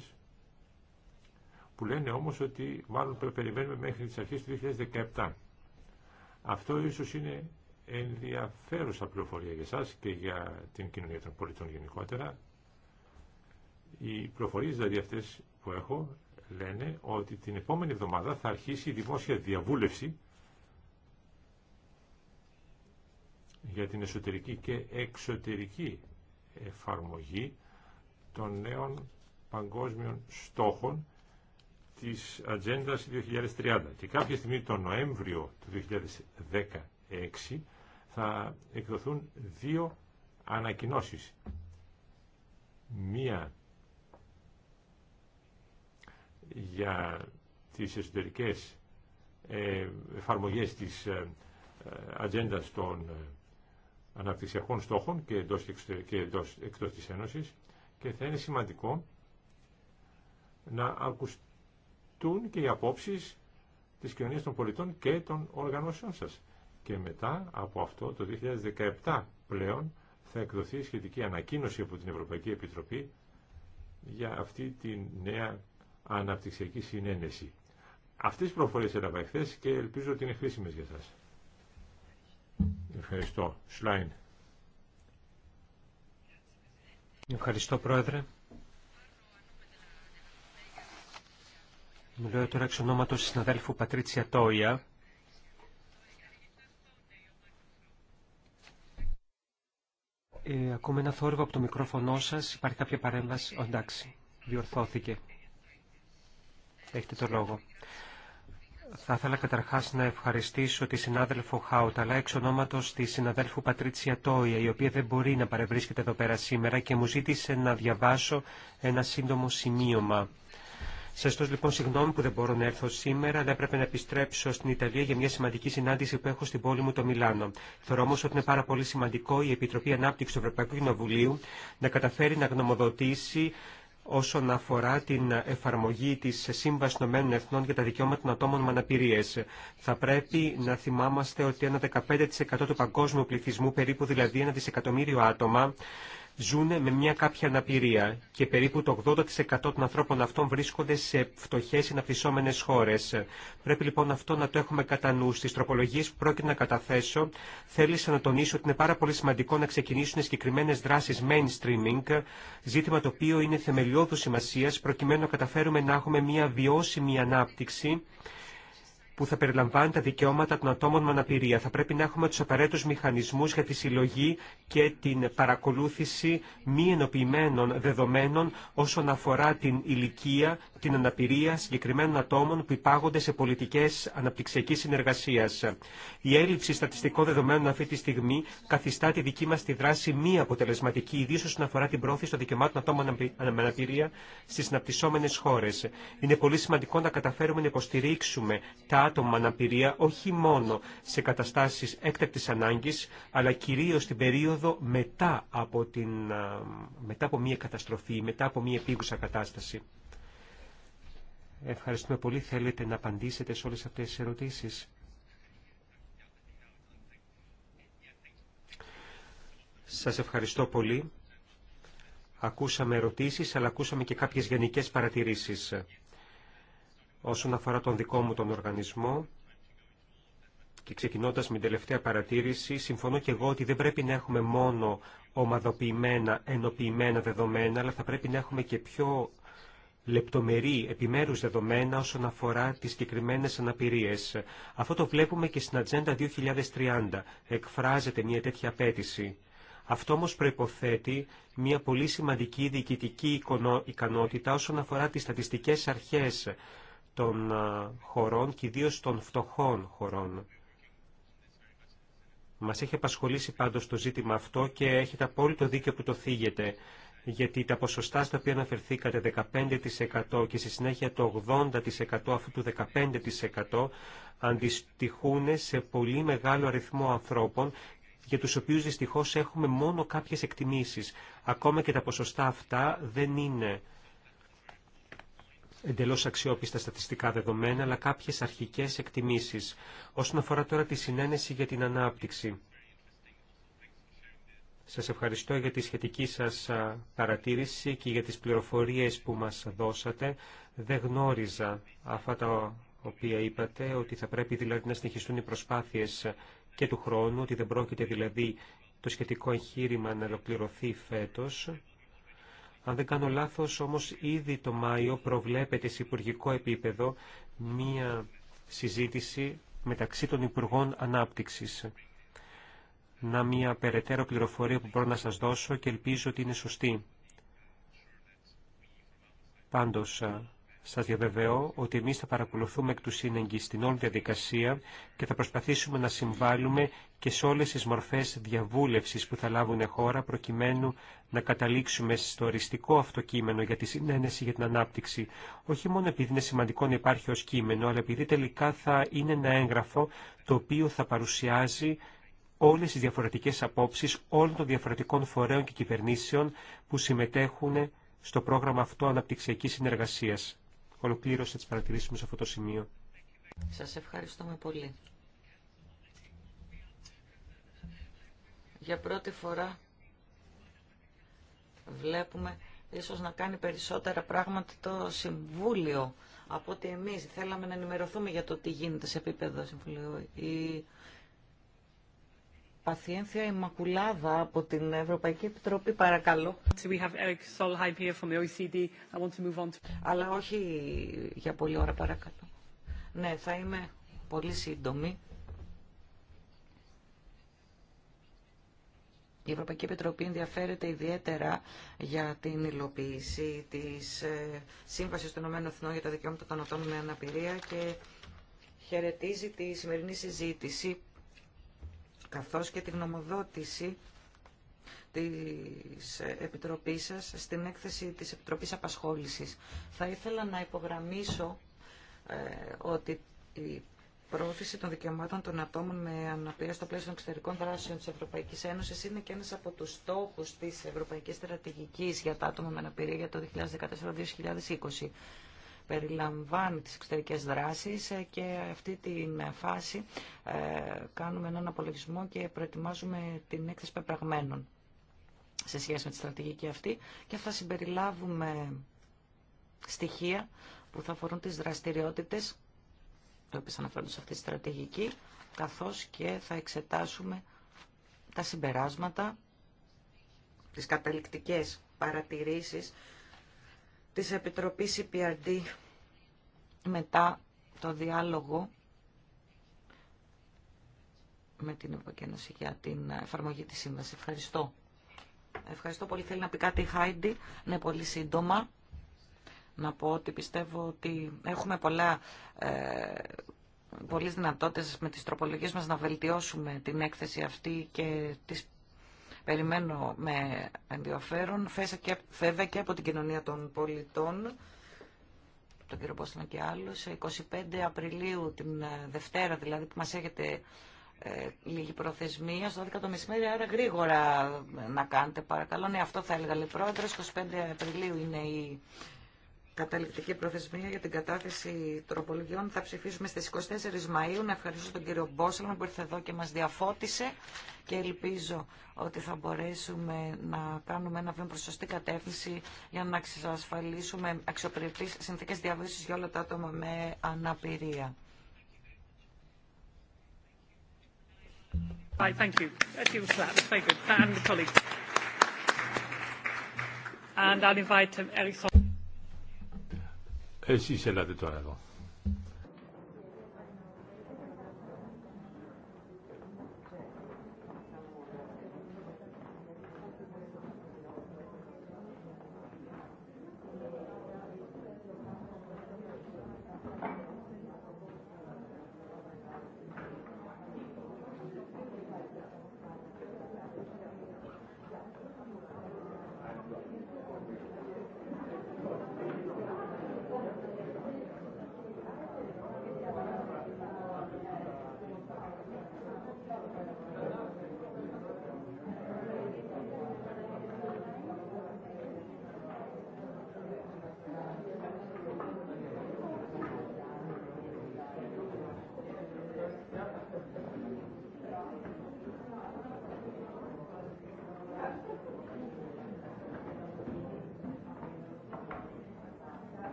που λένε όμως ότι μάλλον περιμένουμε μέχρι τι αρχέ του 2017. Αυτό ίσως είναι ενδιαφέρουσα πληροφορία για σας και για την κοινωνία των πολιτών γενικότερα. Οι πληροφορίε δηλαδή αυτέ που έχω λένε ότι την επόμενη εβδομάδα θα αρχίσει η δημόσια διαβούλευση για την εσωτερική και εξωτερική εφαρμογή των νέων παγκόσμιων στόχων της Ατζέντα 2030. Και κάποια στιγμή τον Νοέμβριο του 2016 θα εκδοθούν δύο ανακοινώσεις. Μία για τις εσωτερικές ε, εφαρμογές της ε, ε, ατζέντα των αναπτυξιακών στόχων και εντός, και εντός, εκτός της Ένωσης και θα είναι σημαντικό να ακουστούν και οι απόψεις της κοινωνίας των πολιτών και των οργανώσεων σας. Και μετά από αυτό το 2017 πλέον θα εκδοθεί σχετική ανακοίνωση από την Ευρωπαϊκή Επιτροπή για αυτή τη νέα αναπτυξιακή συνένεση. Αυτές τις προφορές έλαβα εχθέ και ελπίζω ότι είναι χρήσιμες για σας. Ευχαριστώ. Σλάιν. Ευχαριστώ Πρόεδρε. Μιλώ τώρα εξ ονόματος συναδέλφου Πατρίτσια Τόια. Ε, ακούμε ένα θόρυβο από το μικρόφωνο σας. Υπάρχει κάποια παρέμβαση. εντάξει, διορθώθηκε. Έχετε το λόγο. Θα ήθελα καταρχάς να ευχαριστήσω τη συνάδελφο αλλά εξ ονόματος τη συναδέλφου Πατρίτσια Τόια, η οποία δεν μπορεί να παρευρίσκεται εδώ πέρα σήμερα και μου ζήτησε να διαβάσω ένα σύντομο σημείωμα. Σεστό λοιπόν συγγνώμη που δεν μπορώ να έρθω σήμερα, αλλά έπρεπε να επιστρέψω στην Ιταλία για μια σημαντική συνάντηση που έχω στην πόλη μου το Μιλάνο. Θεωρώ όμω ότι είναι πάρα πολύ σημαντικό η Επιτροπή Ανάπτυξη του Ευρωπαϊκού Κοινοβουλίου να καταφέρει να γνωμοδοτήσει όσον αφορά την εφαρμογή της Σύμβασης Ηνωμένων Εθνών για τα Δικαιώματα των Ατόμων με Αναπηρίες. Θα πρέπει να θυμάμαστε ότι ένα 15% του παγκόσμιου πληθυσμού, περίπου δηλαδή ένα δισεκατομμύριο άτομα, ζουν με μια κάποια αναπηρία και περίπου το 80% των ανθρώπων αυτών βρίσκονται σε φτωχές συναπτυσσόμενες χώρες. Πρέπει λοιπόν αυτό να το έχουμε κατά νου. Στις τροπολογίες που πρόκειται να καταθέσω θέλησα να τονίσω ότι είναι πάρα πολύ σημαντικό να ξεκινήσουν συγκεκριμένε δράσεις mainstreaming, ζήτημα το οποίο είναι θεμελιώδου σημασίας προκειμένου να καταφέρουμε να έχουμε μια βιώσιμη ανάπτυξη που θα περιλαμβάνει τα δικαιώματα των ατόμων με αναπηρία. Θα πρέπει να έχουμε τους απαραίτητους μηχανισμούς για τη συλλογή και την παρακολούθηση μη ενοποιημένων δεδομένων όσον αφορά την ηλικία, την αναπηρία συγκεκριμένων ατόμων που υπάγονται σε πολιτικές αναπτυξιακής συνεργασίας. Η έλλειψη στατιστικών δεδομένων αυτή τη στιγμή καθιστά τη δική μας τη δράση μη αποτελεσματική, ιδίω όσον αφορά την πρόθεση των δικαιωμάτων ατόμων με αναπηρία στις αναπτυσσόμενες χώρες. Είναι πολύ σημαντικό να καταφέρουμε να υποστηρίξουμε τα άτομα όχι μόνο σε καταστάσεις έκτακτης ανάγκης, αλλά κυρίως την περίοδο μετά από, την, μετά από μια καταστροφή, μετά από μια επίγουσα κατάσταση. Ευχαριστούμε πολύ. Θέλετε να απαντήσετε σε όλες αυτές τις ερωτήσεις. Σας ευχαριστώ πολύ. Ακούσαμε ερωτήσεις, αλλά ακούσαμε και κάποιες γενικές παρατηρήσεις. Όσον αφορά τον δικό μου τον οργανισμό και ξεκινώντας με την τελευταία παρατήρηση, συμφωνώ και εγώ ότι δεν πρέπει να έχουμε μόνο ομαδοποιημένα, ενοποιημένα δεδομένα, αλλά θα πρέπει να έχουμε και πιο λεπτομερή επιμέρους δεδομένα όσον αφορά τις συγκεκριμένε αναπηρίες. Αυτό το βλέπουμε και στην Ατζέντα 2030. Εκφράζεται μια τέτοια απέτηση. Αυτό όμως προϋποθέτει μια πολύ σημαντική διοικητική ικανότητα όσον αφορά τις στατιστικές αρχές των ε, χωρών και ιδίω των φτωχών χωρών. Μας έχει απασχολήσει πάντως το ζήτημα αυτό και έχετε απόλυτο δίκιο που το θίγετε, γιατί τα ποσοστά στα οποία αναφερθήκατε 15% και στη συνέχεια το 80% αυτού του 15% αντιστοιχούν σε πολύ μεγάλο αριθμό ανθρώπων για τους οποίους δυστυχώς έχουμε μόνο κάποιες εκτιμήσεις. Ακόμα και τα ποσοστά αυτά δεν είναι εντελώς αξιόπιστα στατιστικά δεδομένα, αλλά κάποιες αρχικές εκτιμήσεις. Όσον αφορά τώρα τη συνένεση για την ανάπτυξη. Σας ευχαριστώ για τη σχετική σας παρατήρηση και για τις πληροφορίες που μας δώσατε. Δεν γνώριζα αυτά τα οποία είπατε, ότι θα πρέπει δηλαδή να συνεχιστούν οι προσπάθειες και του χρόνου, ότι δεν πρόκειται δηλαδή το σχετικό εγχείρημα να ολοκληρωθεί φέτος. Αν δεν κάνω λάθος, όμως ήδη το Μάιο προβλέπεται σε υπουργικό επίπεδο μία συζήτηση μεταξύ των Υπουργών Ανάπτυξης. Να μία περαιτέρω πληροφορία που μπορώ να σας δώσω και ελπίζω ότι είναι σωστή. Πάντως, σας διαβεβαιώ ότι εμείς θα παρακολουθούμε εκ του σύνεγγυ στην όλη διαδικασία και θα προσπαθήσουμε να συμβάλλουμε και σε όλες τις μορφές διαβούλευσης που θα λάβουν χώρα προκειμένου να καταλήξουμε στο οριστικό αυτό κείμενο για τη συνένεση για την ανάπτυξη. Όχι μόνο επειδή είναι σημαντικό να υπάρχει ως κείμενο, αλλά επειδή τελικά θα είναι ένα έγγραφο το οποίο θα παρουσιάζει όλες τις διαφορετικές απόψεις όλων των διαφορετικών φορέων και κυβερνήσεων που συμμετέχουν στο πρόγραμμα αυτό αναπτυξιακής συνεργασίας ολοκλήρωσε τις παρατηρήσεις μου σε αυτό το σημείο. Σας ευχαριστούμε πολύ. Για πρώτη φορά βλέπουμε ίσως να κάνει περισσότερα πράγματα το Συμβούλιο από ότι εμείς θέλαμε να ενημερωθούμε για το τι γίνεται σε επίπεδο Συμβουλίου. Η Παθιένθια η Μακουλάδα από την Ευρωπαϊκή Επιτροπή, παρακαλώ. Αλλά όχι για πολλή ώρα, παρακαλώ. Ναι, θα είμαι πολύ σύντομη. Η Ευρωπαϊκή Επιτροπή ενδιαφέρεται ιδιαίτερα για την υλοποίηση της ε, Σύμβασης των ΗΠΑ για τα Δικαιώματα των Ατόμων με Αναπηρία και χαιρετίζει τη σημερινή συζήτηση καθώς και τη γνωμοδότηση της Επιτροπής σας στην έκθεση της Επιτροπής Απασχόλησης. Θα ήθελα να υπογραμμίσω ε, ότι η πρόθεση των δικαιωμάτων των ατόμων με αναπηρία στο πλαίσιο των εξωτερικών δράσεων της Ευρωπαϊκής Ένωσης είναι και ένας από τους στόχους της Ευρωπαϊκής Στρατηγικής για τα άτομα με αναπηρία για το 2014-2020 περιλαμβάνει τις εξωτερικές δράσεις ε, και αυτή τη φάση ε, κάνουμε έναν απολογισμό και προετοιμάζουμε την έκθεση πεπραγμένων σε σχέση με τη στρατηγική αυτή και θα συμπεριλάβουμε στοιχεία που θα αφορούν τις δραστηριότητες που οποίο αναφέρονται σε αυτή τη στρατηγική καθώς και θα εξετάσουμε τα συμπεράσματα, τις καταληκτικές παρατηρήσεις της Επιτροπής EPRD μετά το διάλογο με την Ευρωπαϊκή για την εφαρμογή της σύμβασης. Ευχαριστώ. Ευχαριστώ πολύ. Θέλει να πει κάτι η Χάιντι. Ναι, πολύ σύντομα. Να πω ότι πιστεύω ότι έχουμε πολλά, ε, δυνατότητες με τις τροπολογίες μας να βελτιώσουμε την έκθεση αυτή και τις Περιμένω με ενδιαφέρον, φέσα και από την κοινωνία των πολιτών, τον κύριο Πόστονα και άλλους, 25 Απριλίου, την ε, Δευτέρα δηλαδή που μα έχετε ε, λίγη προθεσμία στο 12 το μεσημέρι, άρα γρήγορα να κάνετε παρακαλώ. Ναι, αυτό θα έλεγα λέει πρόεδρο. 25 Απριλίου είναι η καταληκτική προθεσμία για την κατάθεση τροπολογιών. Θα ψηφίσουμε στις 24 Μαΐου. Να ευχαριστήσω τον κύριο Μπόσελμα που ήρθε εδώ και μας διαφώτισε και ελπίζω ότι θα μπορέσουμε να κάνουμε ένα βήμα προς σωστή κατεύθυνση για να εξασφαλίσουμε αξιοπρεπείς συνθήκες διαβίωσης για όλα τα άτομα με αναπηρία. And I'll invite um, Eric εσείς ελάτε τώρα εδώ.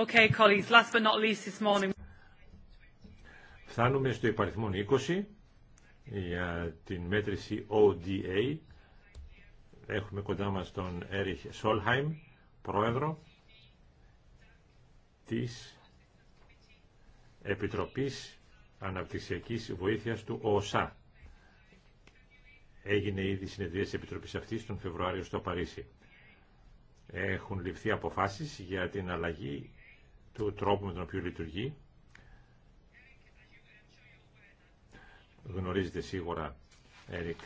Okay, Φτάνουμε στο υπαριθμό 20 για την μέτρηση ODA. Έχουμε κοντά μας τον Έριχ Σόλχαϊμ, πρόεδρο της Επιτροπής Αναπτυξιακής Βοήθειας του ΟΣΑ. Έγινε ήδη συνεδρία της Επιτροπής αυτής τον Φεβρουάριο στο Παρίσι. Έχουν ληφθεί αποφάσεις για την αλλαγή του τρόπου με τον οποίο λειτουργεί. Γνωρίζετε σίγουρα, Έρικ,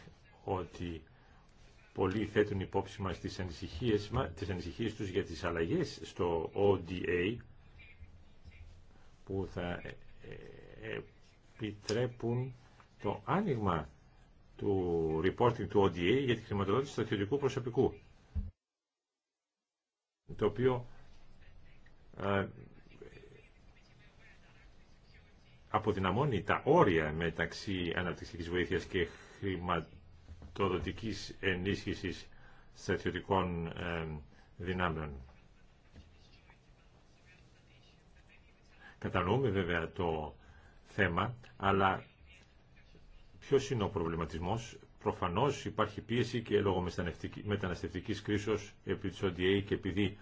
ότι πολλοί θέτουν υπόψη μας τις ανησυχίες, τις ανησυχίες τους για τις αλλαγές στο ODA που θα ε, ε, επιτρέπουν το άνοιγμα του reporting του ODA για τη χρηματοδότηση στρατιωτικού προσωπικού το οποίο ε, αποδυναμώνει τα όρια μεταξύ αναπτυξιακής βοήθειας και χρηματοδοτικής ενίσχυσης στρατιωτικών δυνάμεων. Κατανοούμε βέβαια το θέμα, αλλά ποιος είναι ο προβληματισμός. Προφανώς υπάρχει πίεση και λόγω μεταναστευτικής κρίσης επί της ODA και επειδή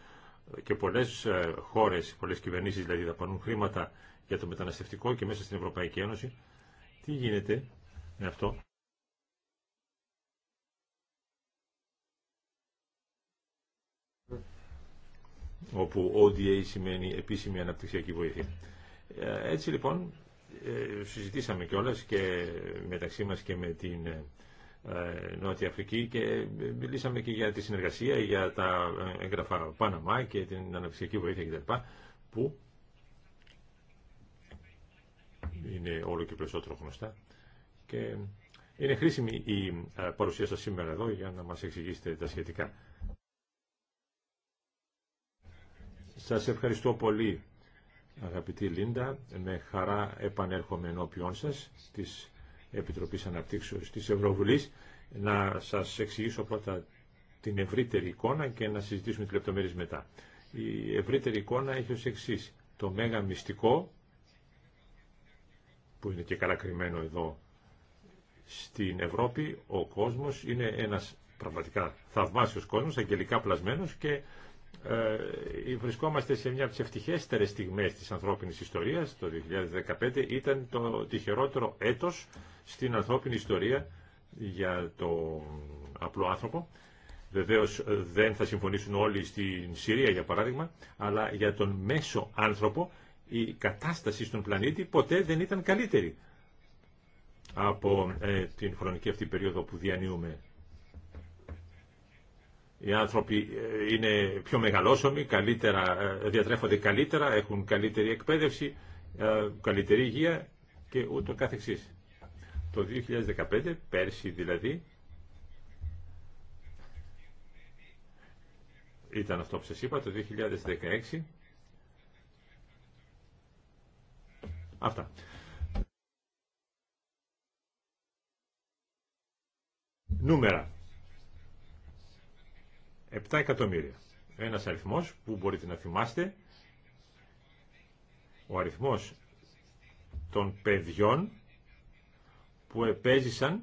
και πολλές ε, χώρες, πολλές κυβερνήσεις δηλαδή δαπανούν χρήματα για το μεταναστευτικό και μέσα στην Ευρωπαϊκή Ένωση. Τι γίνεται με αυτό. όπου ODA σημαίνει επίσημη αναπτυξιακή βοήθεια. Ε, έτσι λοιπόν ε, συζητήσαμε κιόλας και μεταξύ μας και με την ε, Νότια Αφρική και μιλήσαμε και για τη συνεργασία, για τα έγγραφα Παναμά και την αναπτυξιακή βοήθεια κτλ. που είναι όλο και περισσότερο γνωστά και είναι χρήσιμη η ε, παρουσία σας σήμερα εδώ για να μας εξηγήσετε τα σχετικά. Σας ευχαριστώ πολύ αγαπητή Λίντα. Με χαρά επανέρχομαι ενώπιόν σας της Επιτροπής Αναπτύξεως της Ευρωβουλής να σας εξηγήσω πρώτα την ευρύτερη εικόνα και να συζητήσουμε τις λεπτομέρειες μετά. Η ευρύτερη εικόνα έχει ως εξής. Το μέγα μυστικό που είναι και καλά κρυμμένο εδώ στην Ευρώπη, ο κόσμος είναι ένας πραγματικά θαυμάσιος κόσμος, αγγελικά πλασμένος και ε, βρισκόμαστε σε μια από τις ευτυχέστερες στιγμές της ανθρώπινης ιστορίας. Το 2015 ήταν το τυχερότερο έτος στην ανθρώπινη ιστορία για το απλό άνθρωπο. Βεβαίω ε, δεν θα συμφωνήσουν όλοι στην Συρία για παράδειγμα, αλλά για τον μέσο άνθρωπο η κατάσταση στον πλανήτη ποτέ δεν ήταν καλύτερη από ε, την χρονική αυτή περίοδο που διανύουμε. Οι άνθρωποι ε, είναι πιο μεγαλόσωμοι, καλύτερα, ε, διατρέφονται καλύτερα, έχουν καλύτερη εκπαίδευση, καλύτερη υγεία και ούτω καθεξής. Το 2015, πέρσι δηλαδή, ήταν αυτό που σας είπα, το 2016, Αυτά. Νούμερα. 7 εκατομμύρια. Ένας αριθμός που μπορείτε να θυμάστε. Ο αριθμός των παιδιών που επέζησαν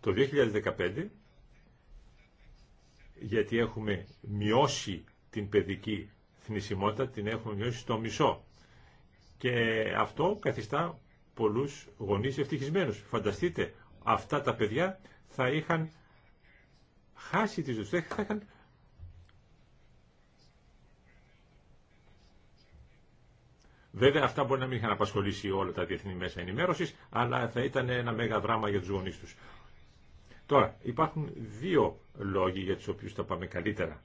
το 2015 γιατί έχουμε μειώσει την παιδική θνησιμότητα, την έχουμε μειώσει στο μισό. Και αυτό καθιστά πολλούς γονείς ευτυχισμένους. Φανταστείτε, αυτά τα παιδιά θα είχαν χάσει τη ζωή θα είχαν Βέβαια αυτά μπορεί να μην είχαν απασχολήσει όλα τα διεθνή μέσα ενημέρωση, αλλά θα ήταν ένα μέγα δράμα για του γονεί του. Τώρα, υπάρχουν δύο λόγοι για τους οποίους θα πάμε καλύτερα.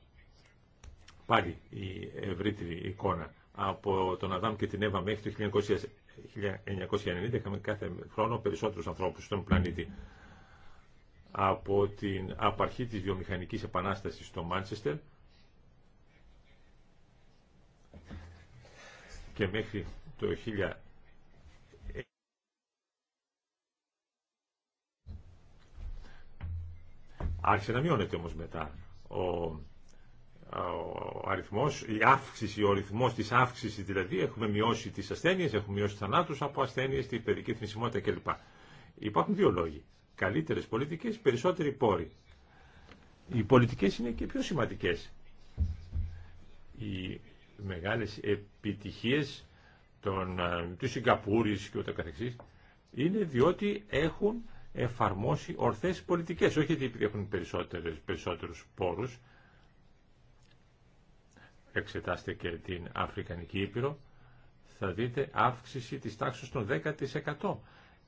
Πάλι η ευρύτερη εικόνα από τον Αδάμ και την Εύα μέχρι το 1990 είχαμε κάθε χρόνο περισσότερους ανθρώπους στον πλανήτη. Από την απαρχή της βιομηχανικής επανάστασης στο Μάντσεστερ και μέχρι το 1000 Άρχισε να μειώνεται όμως μετά ο ο αριθμό, η αύξηση, ο ρυθμός της αύξησης δηλαδή, έχουμε μειώσει τις ασθένειες, έχουμε μειώσει θανάτου από ασθένειες, την παιδική θνησιμότητα κλπ. Υπάρχουν δύο λόγοι. Καλύτερες πολιτικές, περισσότεροι πόροι. Οι πολιτικές είναι και πιο σημαντικές. Οι μεγάλες επιτυχίες των, ε, του Σιγκαπούρης και ούτω καθεξής είναι διότι έχουν εφαρμόσει ορθές πολιτικές. Όχι επειδή έχουν περισσότερους πόρους, εξετάστε και την Αφρικανική Ήπειρο, θα δείτε αύξηση της τάξης των 10%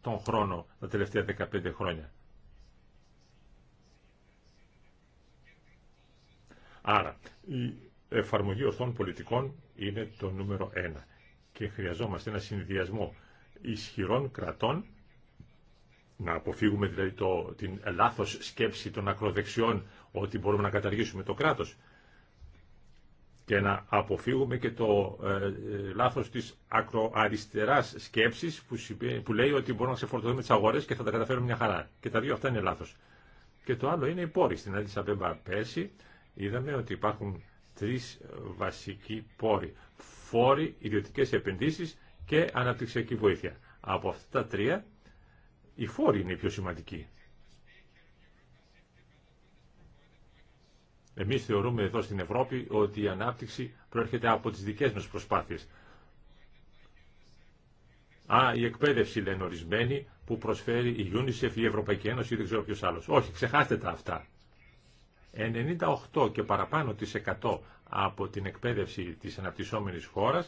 τον χρόνο τα τελευταία 15 χρόνια. Άρα, η εφαρμογή ορθών πολιτικών είναι το νούμερο ένα και χρειαζόμαστε ένα συνδυασμό ισχυρών κρατών, να αποφύγουμε δηλαδή το, την λάθος σκέψη των ακροδεξιών ότι μπορούμε να καταργήσουμε το κράτος και να αποφύγουμε και το ε, ε λάθος της ακροαριστεράς σκέψης που, που λέει ότι μπορούμε να ξεφορτωθούμε τις αγορές και θα τα καταφέρουμε μια χαρά. Και τα δύο αυτά είναι λάθος. Και το άλλο είναι η πόρη. Στην Αντισαμπέμπα πέρσι είδαμε ότι υπάρχουν τρεις βασικοί πόροι. Φόροι, ιδιωτικές επενδύσεις και αναπτυξιακή βοήθεια. Από αυτά τα τρία, οι φόροι είναι οι πιο σημαντική. Εμεί θεωρούμε εδώ στην Ευρώπη ότι η ανάπτυξη προέρχεται από τι δικέ μα προσπάθειε. Α, η εκπαίδευση λένε ορισμένοι που προσφέρει η UNICEF, η Ευρωπαϊκή Ένωση ή δεν ξέρω ποιο άλλο. Όχι, ξεχάστε τα αυτά. 98 και παραπάνω τη 100 από την εκπαίδευση τη αναπτυσσόμενη χώρα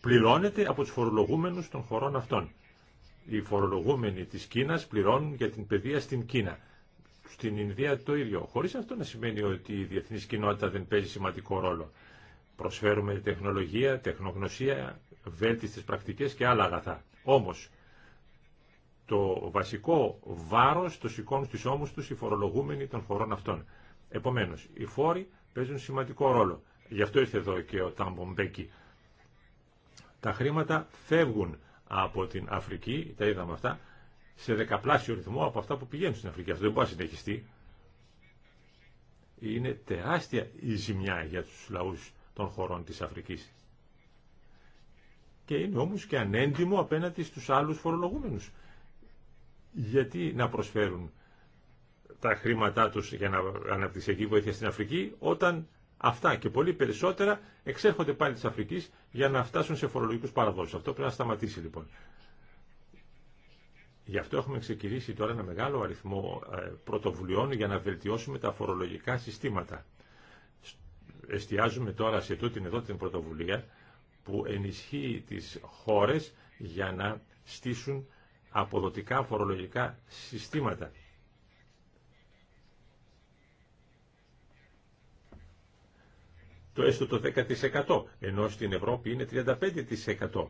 πληρώνεται από του φορολογούμενου των χωρών αυτών. Οι φορολογούμενοι τη Κίνα πληρώνουν για την παιδεία στην Κίνα. Στην Ινδία το ίδιο, χωρίς αυτό να σημαίνει ότι η διεθνής κοινότητα δεν παίζει σημαντικό ρόλο. Προσφέρουμε τεχνολογία, τεχνογνωσία, βέλτιστες πρακτικές και άλλα αγαθά. Όμως, το βασικό βάρος το σηκώνουν στους ώμους τους οι φορολογούμενοι των χωρών αυτών. Επομένως, οι φόροι παίζουν σημαντικό ρόλο. Γι' αυτό ήρθε εδώ και ο Ταμπομπέκη. Τα χρήματα φεύγουν από την Αφρική, τα είδαμε αυτά, σε δεκαπλάσιο ρυθμό από αυτά που πηγαίνουν στην Αφρική. Αυτό δεν μπορεί να συνεχιστεί. Είναι τεράστια η ζημιά για τους λαούς των χωρών της Αφρικής. Και είναι όμως και ανέντιμο απέναντι στους άλλους φορολογούμενους. Γιατί να προσφέρουν τα χρήματά τους για να αναπτυξιακή βοήθεια στην Αφρική όταν αυτά και πολύ περισσότερα εξέρχονται πάλι της Αφρικής για να φτάσουν σε φορολογικούς παραδόσεις. Αυτό πρέπει να σταματήσει λοιπόν. Γι' αυτό έχουμε ξεκινήσει τώρα ένα μεγάλο αριθμό ε, πρωτοβουλειών για να βελτιώσουμε τα φορολογικά συστήματα. Εστιάζουμε τώρα σε τούτην εδώ την πρωτοβουλία που ενισχύει τις χώρες για να στήσουν αποδοτικά φορολογικά συστήματα. Το έστω το 10% ενώ στην Ευρώπη είναι 35%.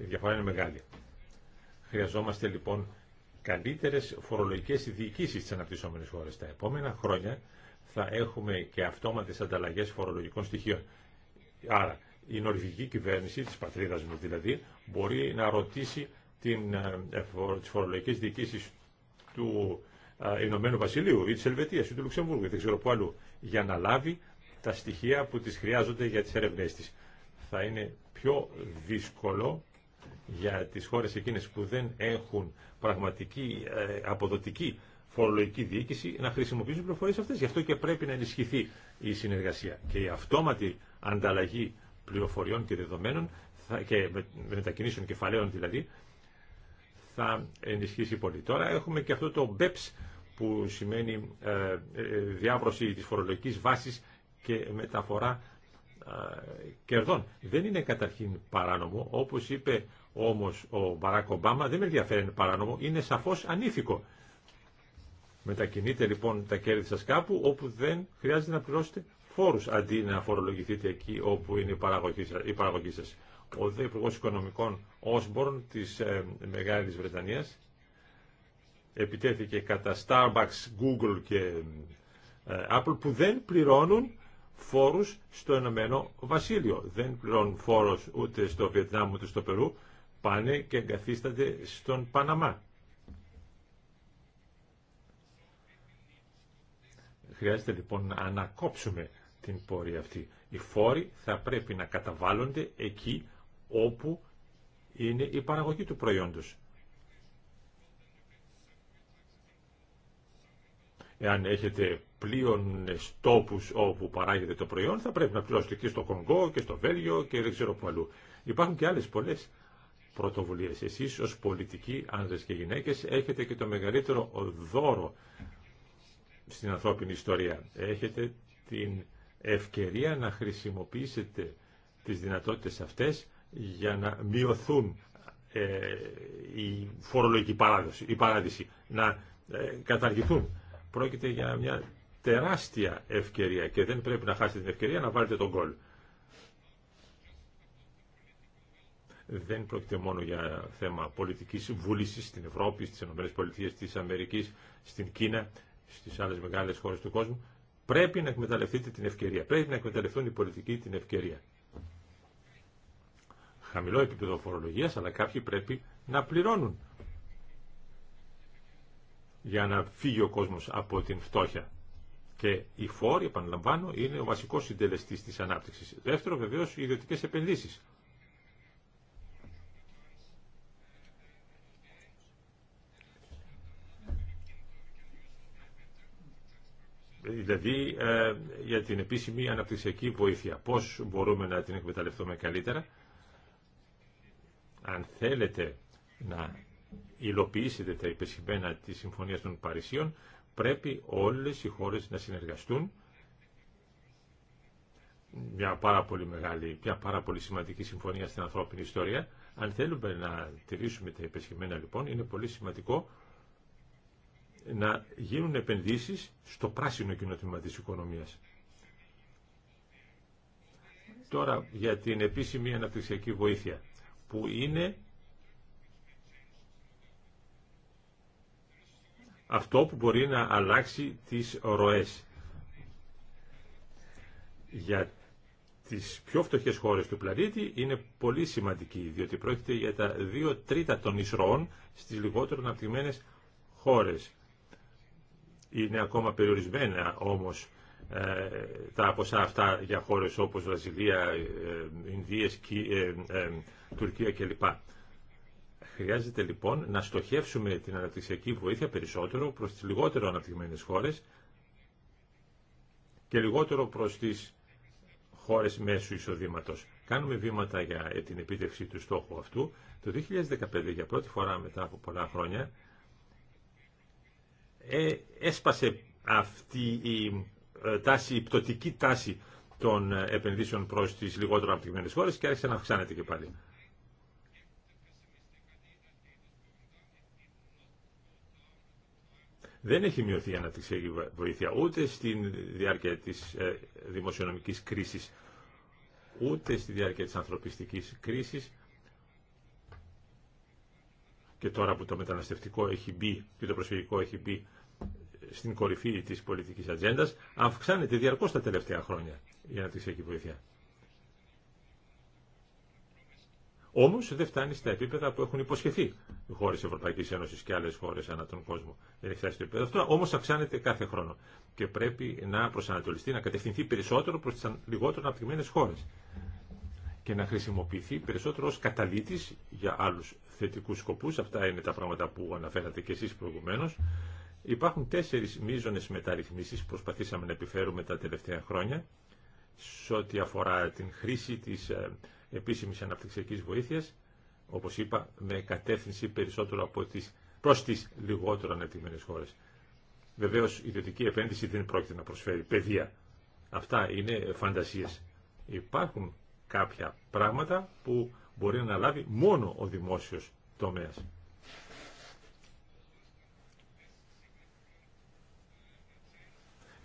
Η διαφορά είναι μεγάλη. Χρειαζόμαστε λοιπόν καλύτερε φορολογικέ διοικησει στις αναπτυσσόμενες χώρες. Τα επόμενα χρόνια θα έχουμε και αυτόματε ανταλλαγέ φορολογικών στοιχείων. Άρα η νορβηγική κυβέρνηση τη Πατρίδα μου δηλαδή μπορεί να ρωτήσει την, ε, τις φορολογικές διοικήσεις του ε, Ηνωμένου Βασιλείου ή τη Ελβετία ή του Λουξεμβούργου, δεν ξέρω πού αλλού, για να λάβει τα στοιχεία που τις χρειάζονται για τις έρευνε τη. Θα είναι πιο δύσκολο για τις χώρες εκείνες που δεν έχουν πραγματική ε, αποδοτική φορολογική διοίκηση να χρησιμοποιήσουν πληροφορίες αυτές. Γι' αυτό και πρέπει να ενισχυθεί η συνεργασία. Και η αυτόματη ανταλλαγή πληροφοριών και δεδομένων και μετακινήσεων κεφαλαίων δηλαδή θα ενισχύσει πολύ. Τώρα έχουμε και αυτό το BEPS που σημαίνει ε, ε, διάβρωση της φορολογικής βάσης και μεταφορά κερδών. Δεν είναι καταρχήν παράνομο, όπως είπε όμως ο Μπαράκ Ομπάμα δεν ενδιαφέρει είναι παράνομο, είναι σαφώς ανήθικο. Μετακινείτε λοιπόν τα κέρδη σας κάπου όπου δεν χρειάζεται να πληρώσετε φόρους αντί να φορολογηθείτε εκεί όπου είναι η παραγωγή, σα. σας. Ο δε Υπουργός Οικονομικών Όσμπορν της ε, Μεγάλης Βρετανίας επιτέθηκε κατά Starbucks, Google και ε, Apple που δεν πληρώνουν φόρους στο Ενωμένο Βασίλειο. Δεν πληρώνουν φόρους ούτε στο Βιετνάμ ούτε στο Περού πάνε και εγκαθίστανται στον Παναμά. Χρειάζεται λοιπόν να ανακόψουμε την πορεία αυτή. Οι φόροι θα πρέπει να καταβάλλονται εκεί όπου είναι η παραγωγή του προϊόντος. Εάν έχετε πλοίων τόπους όπου παράγεται το προϊόν, θα πρέπει να πληρώσετε και στο Κονγκό και στο Βέλγιο και δεν ξέρω που αλλού. Υπάρχουν και άλλες πολλές πρωτοβουλίες. Εσείς ως πολιτικοί άνδρες και γυναίκες έχετε και το μεγαλύτερο δώρο στην ανθρώπινη ιστορία. Έχετε την ευκαιρία να χρησιμοποιήσετε τις δυνατότητες αυτές για να μειωθούν ε, η φορολογική παράδοση, η παράδοση, να ε, καταργηθούν. Πρόκειται για μια τεράστια ευκαιρία και δεν πρέπει να χάσετε την ευκαιρία να βάλετε τον κόλ. δεν πρόκειται μόνο για θέμα πολιτικής βούλησης στην Ευρώπη, στις ΗΠΑ, της Αμερικής, στην Κίνα, στις άλλες μεγάλες χώρες του κόσμου. Πρέπει να εκμεταλλευτείτε την ευκαιρία. Πρέπει να εκμεταλλευτούν οι πολιτικοί την ευκαιρία. Χαμηλό επίπεδο φορολογίας, αλλά κάποιοι πρέπει να πληρώνουν για να φύγει ο κόσμος από την φτώχεια. Και η φόροι, επαναλαμβάνω, είναι ο βασικός συντελεστής της ανάπτυξης. Δεύτερο, βεβαίως, οι ιδιωτικές επενδύσεις. δηλαδή ε, για την επίσημη αναπτυξιακή βοήθεια. Πώς μπορούμε να την εκμεταλλευτούμε καλύτερα. Αν θέλετε να υλοποιήσετε τα υπεσχημένα της Συμφωνίας των Παρισίων, πρέπει όλες οι χώρες να συνεργαστούν. Μια πάρα πολύ μεγάλη, μια πάρα πολύ σημαντική συμφωνία στην ανθρώπινη ιστορία. Αν θέλουμε να τηρήσουμε τα υπεσχημένα λοιπόν, είναι πολύ σημαντικό να γίνουν επενδύσεις στο πράσινο κοινοτήμα της οικονομίας. Τώρα για την επίσημη αναπτυξιακή βοήθεια που είναι αυτό που μπορεί να αλλάξει τις ροές. Για τις πιο φτωχές χώρες του πλανήτη είναι πολύ σημαντική, διότι πρόκειται για τα δύο τρίτα των εισρώων στις λιγότερο αναπτυγμένες χώρες. Είναι ακόμα περιορισμένα όμως ε, τα ποσά αυτά για χώρες όπως Βραζιλία, ε, Ινδίες, ε, Τουρκία κλπ. Χρειάζεται λοιπόν να στοχεύσουμε την αναπτυξιακή βοήθεια περισσότερο προς τις λιγότερο αναπτυγμένες χώρες και λιγότερο προς τις χώρες μέσου εισοδήματος. Κάνουμε βήματα για την επίτευξη του στόχου αυτού. Το 2015 για πρώτη φορά μετά από πολλά χρόνια ε, έσπασε αυτή η ε, τάση, η πτωτική τάση των ε, επενδύσεων προς τις λιγότερο αναπτυγμένες χώρες και άρχισε να αυξάνεται και πάλι. Δεν έχει μειωθεί η αναπτυξιακή βοήθεια ούτε στη διάρκεια της δημοσιονομικής κρίσης, ούτε στη διάρκεια της ανθρωπιστικής κρίσης και τώρα που το μεταναστευτικό έχει μπει και το προσφυγικό έχει μπει στην κορυφή τη πολιτική ατζέντα αυξάνεται διαρκώς τα τελευταία χρόνια η αναπτυξιακή βοήθεια. Όμω δεν φτάνει στα επίπεδα που έχουν υποσχεθεί οι χώρες Ευρωπαϊκής Ένωσης και άλλε χώρε ανά τον κόσμο. Δεν έχει φτάσει στο επίπεδο αυτό, όμως αυξάνεται κάθε χρόνο και πρέπει να προσανατολιστεί, να κατευθυνθεί περισσότερο προς τις λιγότερο αναπτυγμένε χώρε. και να χρησιμοποιηθεί περισσότερο ω καταλήτη για άλλου θετικού σκοπού. Αυτά είναι τα πράγματα που αναφέρατε και εσεί προηγουμένω. Υπάρχουν τέσσερις μείζονες μεταρρυθμίσεις που προσπαθήσαμε να επιφέρουμε τα τελευταία χρόνια σε ό,τι αφορά την χρήση της ε, επίσημης αναπτυξιακής βοήθειας, όπως είπα, με κατεύθυνση περισσότερο από τις, προς τις λιγότερο ανεπτυγμένες χώρες. Βεβαίως, η ιδιωτική επένδυση δεν πρόκειται να προσφέρει παιδεία. Αυτά είναι φαντασίες. Υπάρχουν κάποια πράγματα που μπορεί να λάβει μόνο ο δημόσιος τομέας.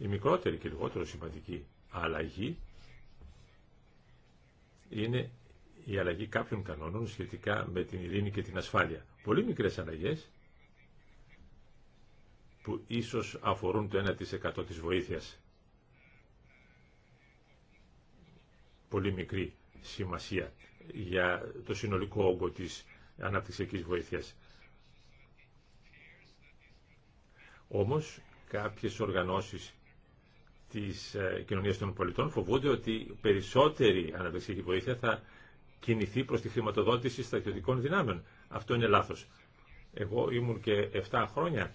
Η μικρότερη και λιγότερο σημαντική αλλαγή είναι η αλλαγή κάποιων κανόνων σχετικά με την ειρήνη και την ασφάλεια. Πολύ μικρές αλλαγές που ίσως αφορούν το 1% της βοήθειας. Πολύ μικρή σημασία για το συνολικό όγκο της αναπτυξιακής βοήθειας. Όμως κάποιες οργανώσεις Τη ε, κοινωνία των πολιτών φοβούνται ότι περισσότερη αναπτυξιακή βοήθεια θα κινηθεί προς τη χρηματοδότηση στρατιωτικών δυνάμεων. Αυτό είναι λάθος. Εγώ ήμουν και 7 χρόνια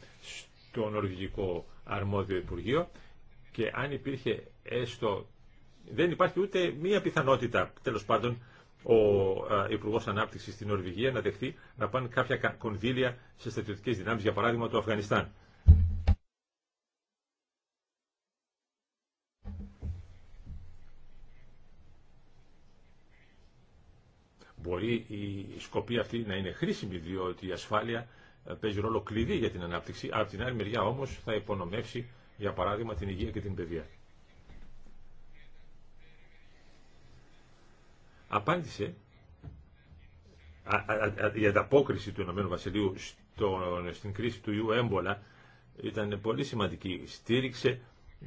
στο Νορβηγικό Αρμόδιο Υπουργείο και αν υπήρχε έστω... Δεν υπάρχει ούτε μία πιθανότητα, τέλος πάντων, ο ε, Υπουργό Ανάπτυξη στην Νορβηγία να δεχθεί να πάνε κάποια κονδύλια σε στρατιωτικέ δυνάμει, για παράδειγμα το Αφγανιστάν. μπορεί η σκοπή αυτή να είναι χρήσιμη διότι η ασφάλεια ε, παίζει ρόλο κλειδί για την ανάπτυξη, από την άλλη μεριά όμως θα υπονομεύσει για παράδειγμα την υγεία και την παιδεία. Απάντησε η ανταπόκριση του Ηνωμένου Βασιλείου στην κρίση του ιού έμπολα ήταν πολύ σημαντική. Στήριξε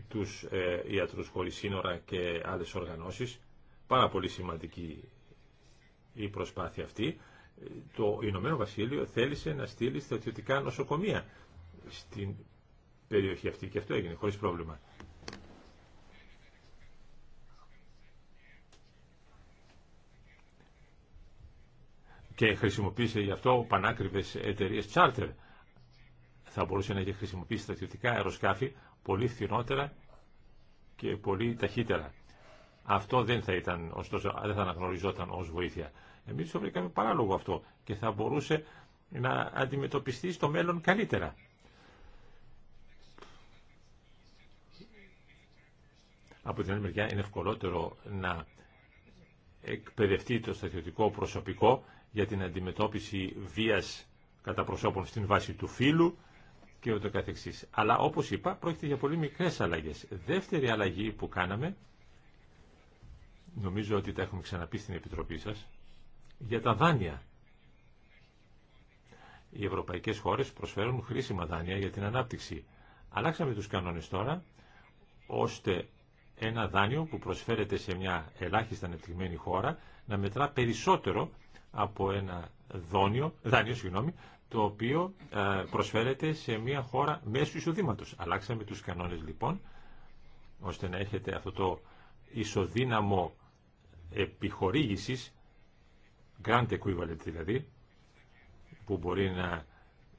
τους ε, ιατρούς χωρίς σύνορα και άλλες οργανώσεις. Πάρα πολύ σημαντική η προσπάθεια αυτή. Το Ηνωμένο Βασίλειο θέλησε να στείλει στρατιωτικά νοσοκομεία στην περιοχή αυτή και αυτό έγινε χωρίς πρόβλημα. Και χρησιμοποίησε γι' αυτό πανάκριβες εταιρείες charter. Θα μπορούσε να έχει χρησιμοποιήσει στρατιωτικά αεροσκάφη πολύ φθηνότερα και πολύ ταχύτερα. Αυτό δεν θα ήταν, ωστόσο, δεν θα αναγνωριζόταν ως βοήθεια. Εμείς το βρήκαμε παράλογο αυτό και θα μπορούσε να αντιμετωπιστεί στο μέλλον καλύτερα. Από την άλλη μεριά είναι ευκολότερο να εκπαιδευτεί το στρατιωτικό προσωπικό για την αντιμετώπιση βίας κατά προσώπων στην βάση του φύλου και ούτω καθεξής. Αλλά όπως είπα πρόκειται για πολύ μικρές αλλαγές. Δεύτερη αλλαγή που κάναμε νομίζω ότι τα έχουμε ξαναπεί στην Επιτροπή σας, για τα δάνεια. Οι ευρωπαϊκές χώρες προσφέρουν χρήσιμα δάνεια για την ανάπτυξη. Αλλάξαμε τους κανόνες τώρα, ώστε ένα δάνειο που προσφέρεται σε μια ελάχιστα ανεπτυγμένη χώρα να μετρά περισσότερο από ένα δόνιο, δάνειο συγγνώμη, το οποίο ε, προσφέρεται σε μια χώρα μέσου εισοδήματος. Αλλάξαμε τους κανόνες λοιπόν, ώστε να έχετε αυτό το ισοδύναμο επιχορήγησης, grand equivalent δηλαδή, που μπορεί να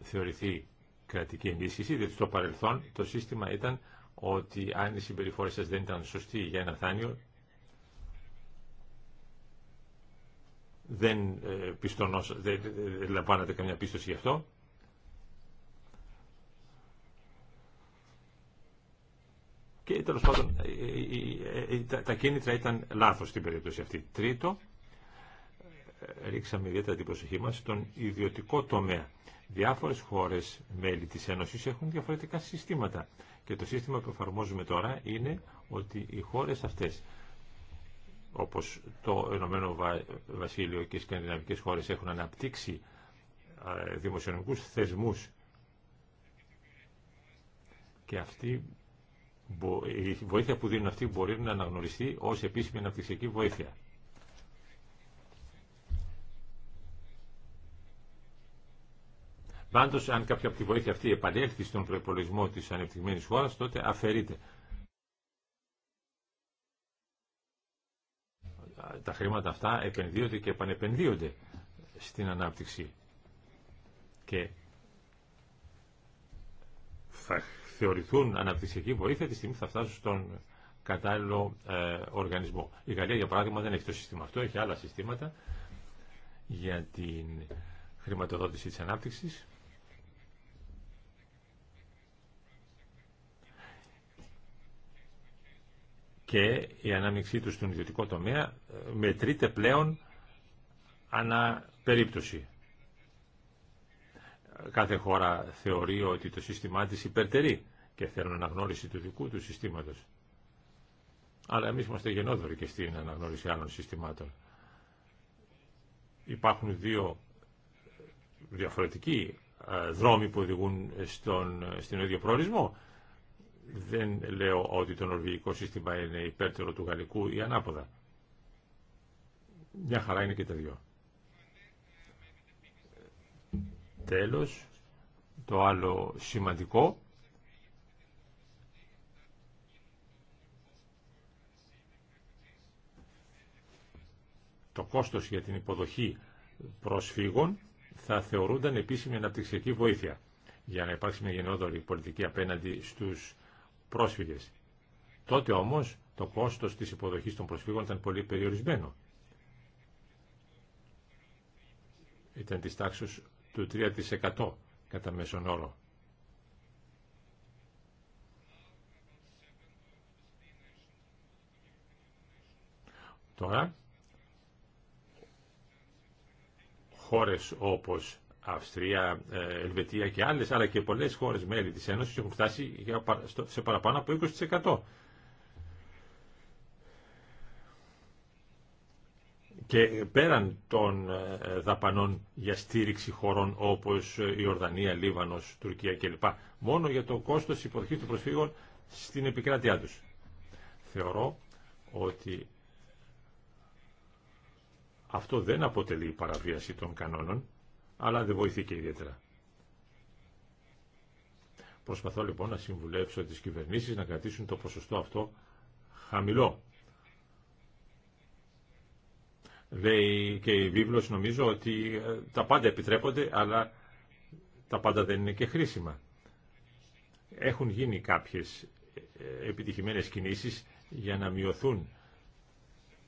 θεωρηθεί κρατική ενίσχυση, διότι στο παρελθόν το σύστημα ήταν ότι αν η συμπεριφορά σας δεν ήταν σωστή για ένα θάνιο δεν, ε, πιστονός, ε, δεν λαμβάνατε καμιά πίστοση γι' αυτό. Και τέλος πάντων ε, ε, ε, τα κίνητρα ήταν λάθος στην περίπτωση αυτή. Τρίτο, ε, ρίξαμε ιδιαίτερα την προσοχή μας στον ιδιωτικό τομέα. Διάφορες χώρες μέλη της Ένωσης έχουν διαφορετικά συστήματα και το σύστημα που εφαρμόζουμε τώρα είναι ότι οι χώρες αυτές όπως το Ηνωμένο Βασίλειο και οι σκανδιναβικές χώρες έχουν αναπτύξει δημοσιονομικούς θεσμούς και αυτοί η βοήθεια που δίνουν αυτοί μπορεί να αναγνωριστεί ως επίσημη αναπτυξιακή βοήθεια. Πάντω, αν κάποια από τη βοήθεια αυτή επανέλθει στον προπολογισμό τη ανεπτυγμένη χώρα, τότε αφαιρείται. Τα χρήματα αυτά επενδύονται και επανεπενδύονται στην ανάπτυξη. Και θεωρηθούν αναπτυξιακή βοήθεια, τη στιγμή θα φτάσουν στον κατάλληλο ε, οργανισμό. Η Γαλλία, για παράδειγμα, δεν έχει το σύστημα αυτό, έχει άλλα συστήματα για την χρηματοδότηση της ανάπτυξης. Και η ανάμειξή του στον ιδιωτικό τομέα ε, μετρείται πλέον αναπερίπτωση. Κάθε χώρα θεωρεί ότι το σύστημά της υπερτερεί και θέλουν αναγνώριση του δικού του συστήματος. Αλλά εμείς είμαστε γενόδοροι και στην αναγνώριση άλλων συστημάτων. Υπάρχουν δύο διαφορετικοί ε, δρόμοι που οδηγούν στον, στην ίδιο προορισμό. Δεν λέω ότι το νορβηγικό σύστημα είναι υπέρτερο του γαλλικού ή ανάποδα. Μια χαρά είναι και τα δυο. Τέλος, το άλλο σημαντικό το κόστος για την υποδοχή προσφύγων θα θεωρούνταν επίσημη αναπτυξιακή βοήθεια για να υπάρξει μια γενναιόδορη πολιτική απέναντι στους πρόσφυγες. Τότε όμως το κόστος της υποδοχής των προσφύγων ήταν πολύ περιορισμένο. Ήταν της τάξης του 3% κατά μέσον όρο. Τώρα, χώρες όπως Αυστρία, ε, Ελβετία και άλλες, αλλά και πολλές χώρες μέλη της Ένωσης έχουν φτάσει σε παραπάνω από 20%. Και πέραν των ε, δαπανών για στήριξη χωρών όπως ε, η Ορδανία, Λίβανος, Τουρκία κλπ. Μόνο για το κόστος υποδοχής των προσφύγων στην επικράτειά τους. Θεωρώ ότι αυτό δεν αποτελεί παραβίαση των κανόνων, αλλά δεν βοηθεί και ιδιαίτερα. Προσπαθώ λοιπόν να συμβουλεύσω τις κυβερνήσεις να κρατήσουν το ποσοστό αυτό χαμηλό. Λέει και η βίβλος νομίζω ότι ε, τα πάντα επιτρέπονται, αλλά τα πάντα δεν είναι και χρήσιμα. Έχουν γίνει κάποιες ε, επιτυχημένες κινήσεις για να μειωθούν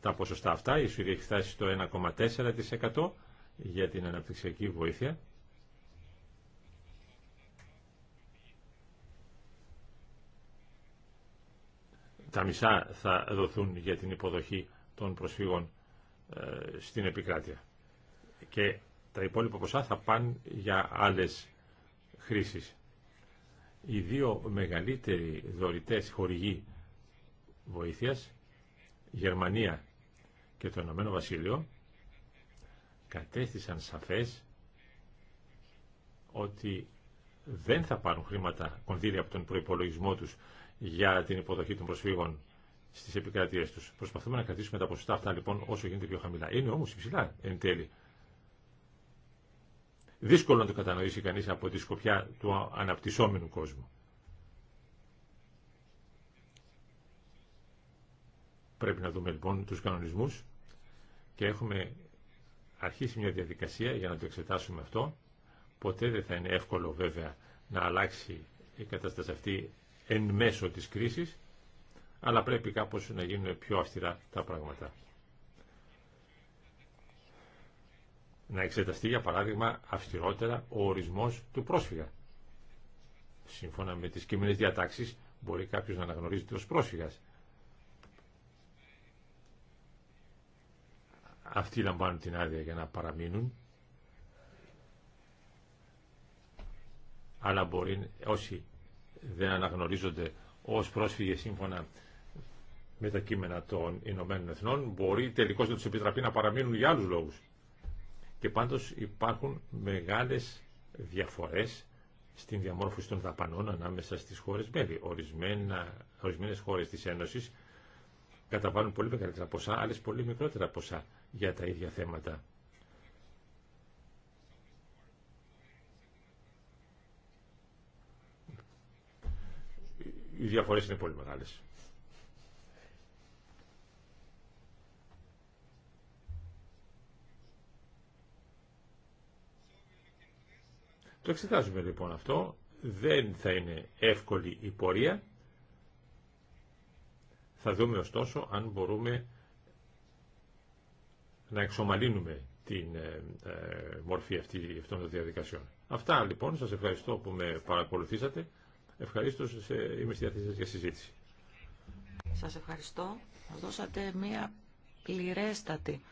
τα ποσοστά αυτά. Η Σουηδία έχει φτάσει στο 1,4% για την αναπτυξιακή βοήθεια. Τα μισά θα δοθούν για την υποδοχή των προσφύγων ε, στην επικράτεια. Και τα υπόλοιπα ποσά θα πάνε για άλλες χρήσεις. Οι δύο μεγαλύτεροι δωρητές χορηγή βοήθειας, Γερμανία και το Ηνωμένο Βασίλειο κατέστησαν σαφές ότι δεν θα πάρουν χρήματα κονδύλια από τον προϋπολογισμό τους για την υποδοχή των προσφύγων στις επικρατείες τους. Προσπαθούμε να κρατήσουμε τα ποσοστά αυτά λοιπόν όσο γίνεται πιο χαμηλά. Είναι όμως υψηλά εν τέλει. Δύσκολο να το κατανοήσει κανείς από τη σκοπιά του αναπτυσσόμενου κόσμου. Πρέπει να δούμε λοιπόν τους κανονισμούς και έχουμε αρχίσει μια διαδικασία για να το εξετάσουμε αυτό. Ποτέ δεν θα είναι εύκολο βέβαια να αλλάξει η κατάσταση αυτή εν μέσω της κρίσης, αλλά πρέπει κάπως να γίνουν πιο αυστηρά τα πράγματα. Να εξεταστεί, για παράδειγμα, αυστηρότερα ο ορισμός του πρόσφυγα. Σύμφωνα με τις κείμενες διατάξεις, μπορεί κάποιος να αναγνωρίζεται ως πρόσφυγας. Αυτοί λαμβάνουν την άδεια για να παραμείνουν. Αλλά μπορεί όσοι δεν αναγνωρίζονται ως πρόσφυγες σύμφωνα με τα κείμενα των Ηνωμένων Εθνών μπορεί τελικώς να τους επιτραπεί να παραμείνουν για άλλους λόγους. Και πάντως υπάρχουν μεγάλες διαφορές στην διαμόρφωση των δαπανών ανάμεσα στις χώρες μέλη. Ορισμένα, ορισμένες χώρες της Ένωσης καταβάλουν πολύ μεγαλύτερα ποσά, άλλες πολύ μικρότερα ποσά για τα ίδια θέματα. Οι διαφορές είναι πολύ μεγάλες. Το εξετάζουμε λοιπόν αυτό. Δεν θα είναι εύκολη η πορεία. Θα δούμε ωστόσο αν μπορούμε να εξομαλύνουμε την ε, ε, μορφή αυτή αυτών των διαδικασιών. Αυτά λοιπόν, σας ευχαριστώ που με παρακολουθήσατε. Ευχαρίστω, είμαι στη διάθεσή για συζήτηση. Σας ευχαριστώ. Μας δώσατε μία πληρέστατη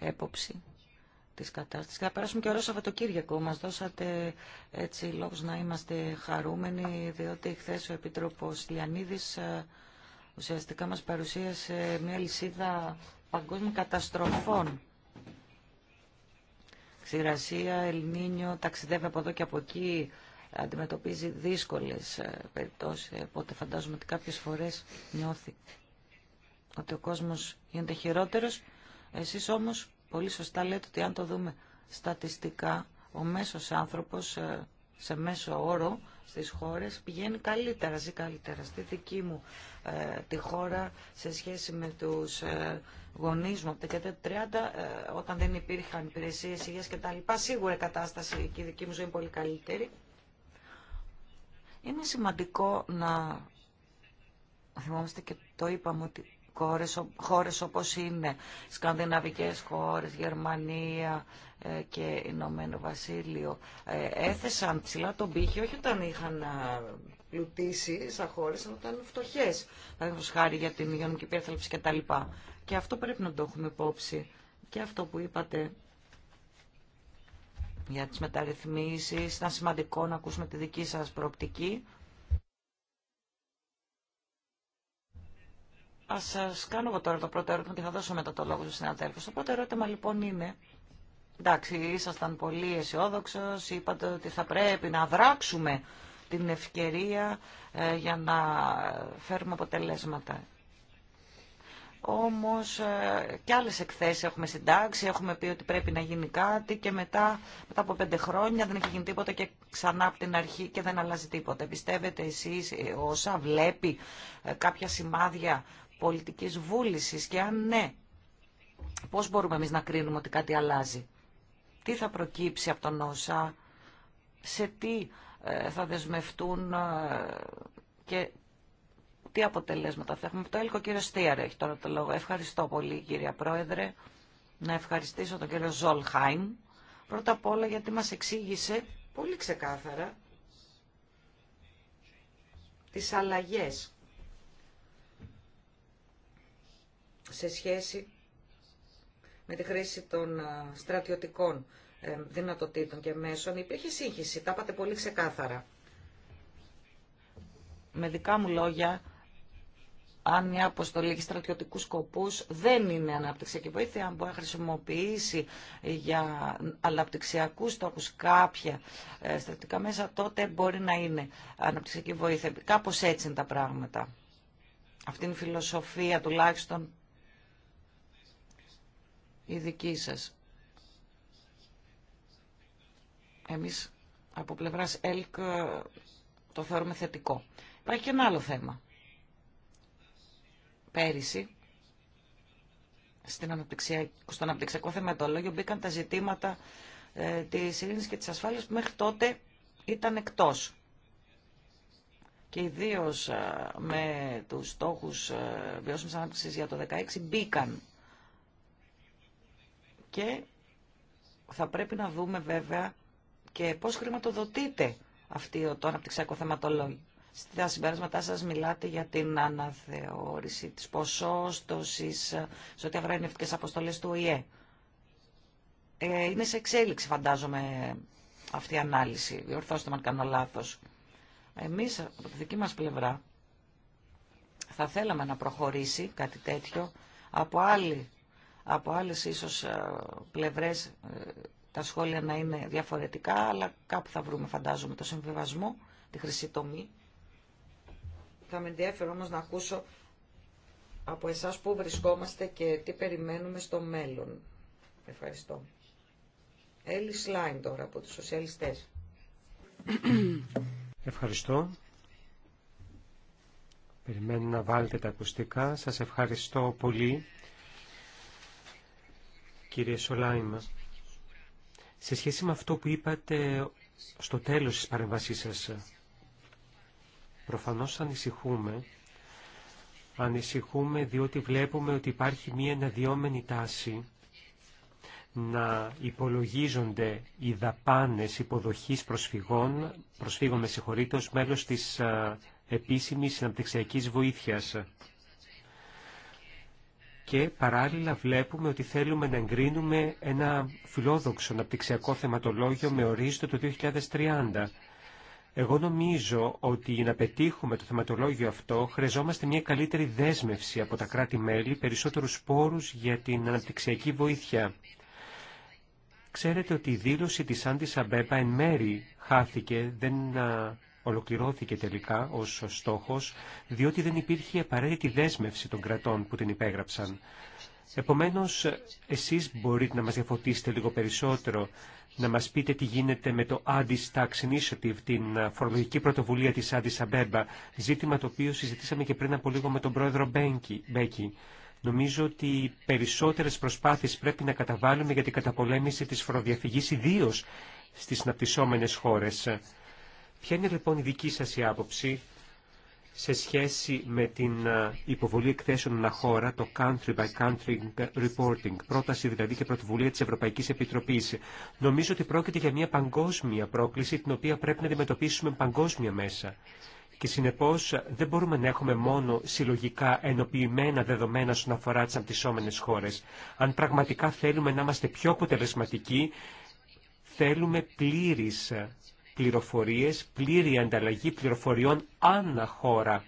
ε, έποψη της κατάστασης. Θα περάσουμε και ωραίο Σαββατοκύριακο. Μας δώσατε έτσι λόγους να είμαστε χαρούμενοι, διότι χθε ο Επίτροπος Λιανίδης ουσιαστικά μας παρουσίασε μια λυσίδα παγκόσμιων καταστροφών. Ξηρασία, Ελληνίνιο, ταξιδεύει από εδώ και από εκεί, αντιμετωπίζει δύσκολες ε, περιπτώσεις, οπότε φαντάζομαι ότι κάποιες φορές νιώθει ότι ο κόσμος γίνεται χειρότερος. Εσείς όμως πολύ σωστά λέτε ότι αν το δούμε στατιστικά, ο μέσος άνθρωπος ε, σε μέσο όρο στις χώρες πηγαίνει καλύτερα, ζει καλύτερα. Στη δική μου ε, τη χώρα σε σχέση με τους ε, γονείς μου από τα 30 ε, όταν δεν υπήρχαν υπηρεσίες υγείας και τα λοιπά σίγουρα η κατάσταση και η δική μου ζωή είναι πολύ καλύτερη. Είναι σημαντικό να θυμόμαστε και το είπαμε ότι χώρες, χώρες όπως είναι σκανδιναβικές χώρες, Γερμανία, ε, και Ηνωμένο Βασίλειο ε, έθεσαν ψηλά τον πύχη όχι όταν είχαν ε, πλουτίσει σαν χώρε, αλλά όταν ήταν φτωχέ. Παραδείγματο χάρη για την υγειονομική υπέρθαλψη κτλ. Και αυτό πρέπει να το έχουμε υπόψη. Και αυτό που είπατε για τι μεταρρυθμίσει, Ήταν σημαντικό να ακούσουμε τη δική σα προοπτική. Ας σας κάνω εγώ τώρα το πρώτο ερώτημα και θα δώσω μετά το λόγο στους συναδέλφους. Το πρώτο ερώτημα λοιπόν είναι Εντάξει, ήσασταν πολύ αισιόδοξο. Είπατε ότι θα πρέπει να δράξουμε την ευκαιρία ε, για να φέρουμε αποτελέσματα. Όμως ε, και άλλες εκθέσεις έχουμε συντάξει, έχουμε πει ότι πρέπει να γίνει κάτι και μετά, μετά από πέντε χρόνια δεν έχει γίνει τίποτα και ξανά από την αρχή και δεν αλλάζει τίποτα. Πιστεύετε εσείς ε, όσα βλέπει κάποια σημάδια πολιτικής βούλησης και αν ναι, πώς μπορούμε εμείς να κρίνουμε ότι κάτι αλλάζει τι θα προκύψει από τον όσα, σε τι ε, θα δεσμευτούν ε, και τι αποτελέσματα θα έχουμε. Το έλκο κύριο Στίαρε έχει τώρα το λόγο. Ευχαριστώ πολύ κύριε Πρόεδρε. Να ευχαριστήσω τον κύριο Ζολχάιμ. Πρώτα απ' όλα γιατί μας εξήγησε πολύ ξεκάθαρα τις αλλαγές σε σχέση με τη χρήση των ε, στρατιωτικών ε, δυνατοτήτων και μέσων υπήρχε σύγχυση. Τα είπατε πολύ ξεκάθαρα. Με δικά μου λόγια, αν μια αποστολή έχει στρατιωτικού σκοπού, δεν είναι αναπτυξιακή βοήθεια. Αν μπορεί να χρησιμοποιήσει για αναπτυξιακού στόχου κάποια ε, στρατιωτικά μέσα, τότε μπορεί να είναι αναπτυξιακή βοήθεια. Κάπω έτσι είναι τα πράγματα. Αυτή είναι η φιλοσοφία τουλάχιστον η δική σας. Εμείς από πλευράς ΕΛΚ το θεωρούμε θετικό. Υπάρχει και ένα άλλο θέμα. Πέρυσι, στην αναπτυξιακό, στο αναπτυξιακό θεματολόγιο μπήκαν τα ζητήματα ε, της ειρήνης και της ασφάλειας που μέχρι τότε ήταν εκτός. Και ιδίω ε, με τους στόχους ε, βιώσιμης ανάπτυξης για το 2016 μπήκαν και θα πρέπει να δούμε βέβαια και πώς χρηματοδοτείται αυτή το αναπτυξιακό θεματολόγιο. Στα συμπέρασματά σας μιλάτε για την αναθεώρηση της ποσόστοσης σε ό,τι αφορά αποστολές του ΟΗΕ. Ε, είναι σε εξέλιξη φαντάζομαι αυτή η ανάλυση. Διορθώστε με αν κάνω λάθος. Εμείς από τη δική μας πλευρά θα θέλαμε να προχωρήσει κάτι τέτοιο από άλλη από άλλες ίσως ε, πλευρές ε, τα σχόλια να είναι διαφορετικά, αλλά κάπου θα βρούμε φαντάζομαι το συμβιβασμό, τη χρυσή τομή. Θα με ενδιαφέρει όμως να ακούσω από εσάς πού βρισκόμαστε και τι περιμένουμε στο μέλλον. Ευχαριστώ. Έλλη Σλάιν τώρα από τους σοσιαλιστές. Ευχαριστώ. Περιμένω να βάλετε τα ακουστικά. Σας ευχαριστώ πολύ κύριε Σολάιμα. Σε σχέση με αυτό που είπατε στο τέλος της παρεμβασής σας, προφανώς ανησυχούμε. Ανησυχούμε διότι βλέπουμε ότι υπάρχει μία αναδυόμενη τάση να υπολογίζονται οι δαπάνες υποδοχής προσφυγών, προσφύγων με συγχωρείτε, μέλος της ε, επίσημης συναπτυξιακής βοήθειας και παράλληλα βλέπουμε ότι θέλουμε να εγκρίνουμε ένα φιλόδοξο αναπτυξιακό θεματολόγιο με ορίζοντα το 2030. Εγώ νομίζω ότι για να πετύχουμε το θεματολόγιο αυτό χρειαζόμαστε μια καλύτερη δέσμευση από τα κράτη-μέλη, περισσότερους πόρους για την αναπτυξιακή βοήθεια. Ξέρετε ότι η δήλωση της Άντι Σαμπέπα εν μέρη χάθηκε, δεν ολοκληρώθηκε τελικά ως στόχος, διότι δεν υπήρχε απαραίτητη δέσμευση των κρατών που την υπέγραψαν. Επομένως, εσείς μπορείτε να μας διαφωτίσετε λίγο περισσότερο, να μας πείτε τι γίνεται με το Addis Tax Initiative, την φορολογική πρωτοβουλία της Addis Abeba, ζήτημα το οποίο συζητήσαμε και πριν από λίγο με τον πρόεδρο Μπέκη. Νομίζω ότι περισσότερες προσπάθειες πρέπει να καταβάλουμε για την καταπολέμηση της φοροδιαφυγής, ιδίω στις συναπτυσσόμενες χώρες. Ποια είναι λοιπόν η δική σας η άποψη σε σχέση με την ε, υποβολή εκθέσεων χώρα, το country by country reporting, πρόταση δηλαδή και πρωτοβουλία της Ευρωπαϊκής Επιτροπής. Νομίζω ότι πρόκειται για μια παγκόσμια πρόκληση την οποία πρέπει να αντιμετωπίσουμε παγκόσμια μέσα. Και συνεπώς δεν μπορούμε να έχουμε μόνο συλλογικά ενοποιημένα δεδομένα στον αφορά τις αμπτυσσόμενες χώρες. Αν πραγματικά θέλουμε να είμαστε πιο αποτελεσματικοί, θέλουμε πλήρης πληροφορίες, πλήρη ανταλλαγή πληροφοριών ανά χώρα,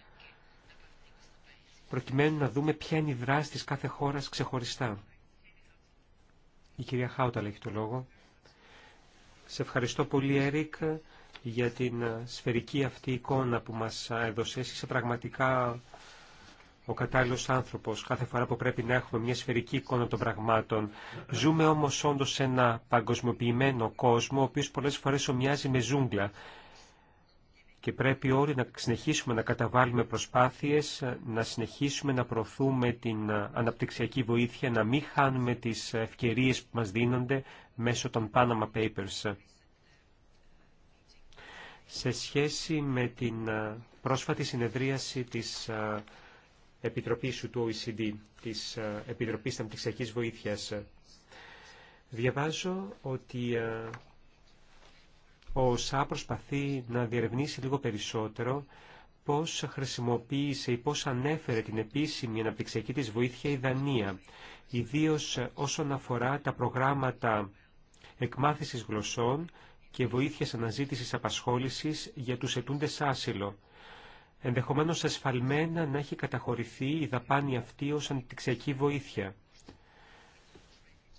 προκειμένου να δούμε ποια είναι η δράση της κάθε χώρας ξεχωριστά. Η κυρία Χάουτα έχει το λόγο. Σε ευχαριστώ πολύ, Έρικ, για την σφαιρική αυτή εικόνα που μας έδωσες. Είσαι πραγματικά ο κατάλληλο άνθρωπο, κάθε φορά που πρέπει να έχουμε μια σφαιρική εικόνα των πραγμάτων. Ζούμε όμω όντω σε ένα παγκοσμιοποιημένο κόσμο, ο οποίο πολλέ φορέ ομοιάζει με ζούγκλα. Και πρέπει όλοι να συνεχίσουμε να καταβάλουμε προσπάθειες, να συνεχίσουμε να προωθούμε την αναπτυξιακή βοήθεια, να μην χάνουμε τι ευκαιρίε που μα δίνονται μέσω των Panama Papers. Σε σχέση με την πρόσφατη συνεδρίαση της ε, Επιτροπή σου του OECD, της ε, Επιτροπής Αμπτυξιακής Βοήθειας. Διαβάζω ότι ε, ο ΣΑ προσπαθεί να διερευνήσει λίγο περισσότερο πώς χρησιμοποίησε ή πώς ανέφερε την επίσημη αναπτυξιακή της βοήθεια η Δανία, ιδίως όσον αφορά τα προγράμματα εκμάθησης γλωσσών και βοήθειας αναζήτησης απασχόλησης για τους ετούντες άσυλο ενδεχομένως ασφαλμένα να έχει καταχωρηθεί η δαπάνη αυτή ως αντιξιακή βοήθεια.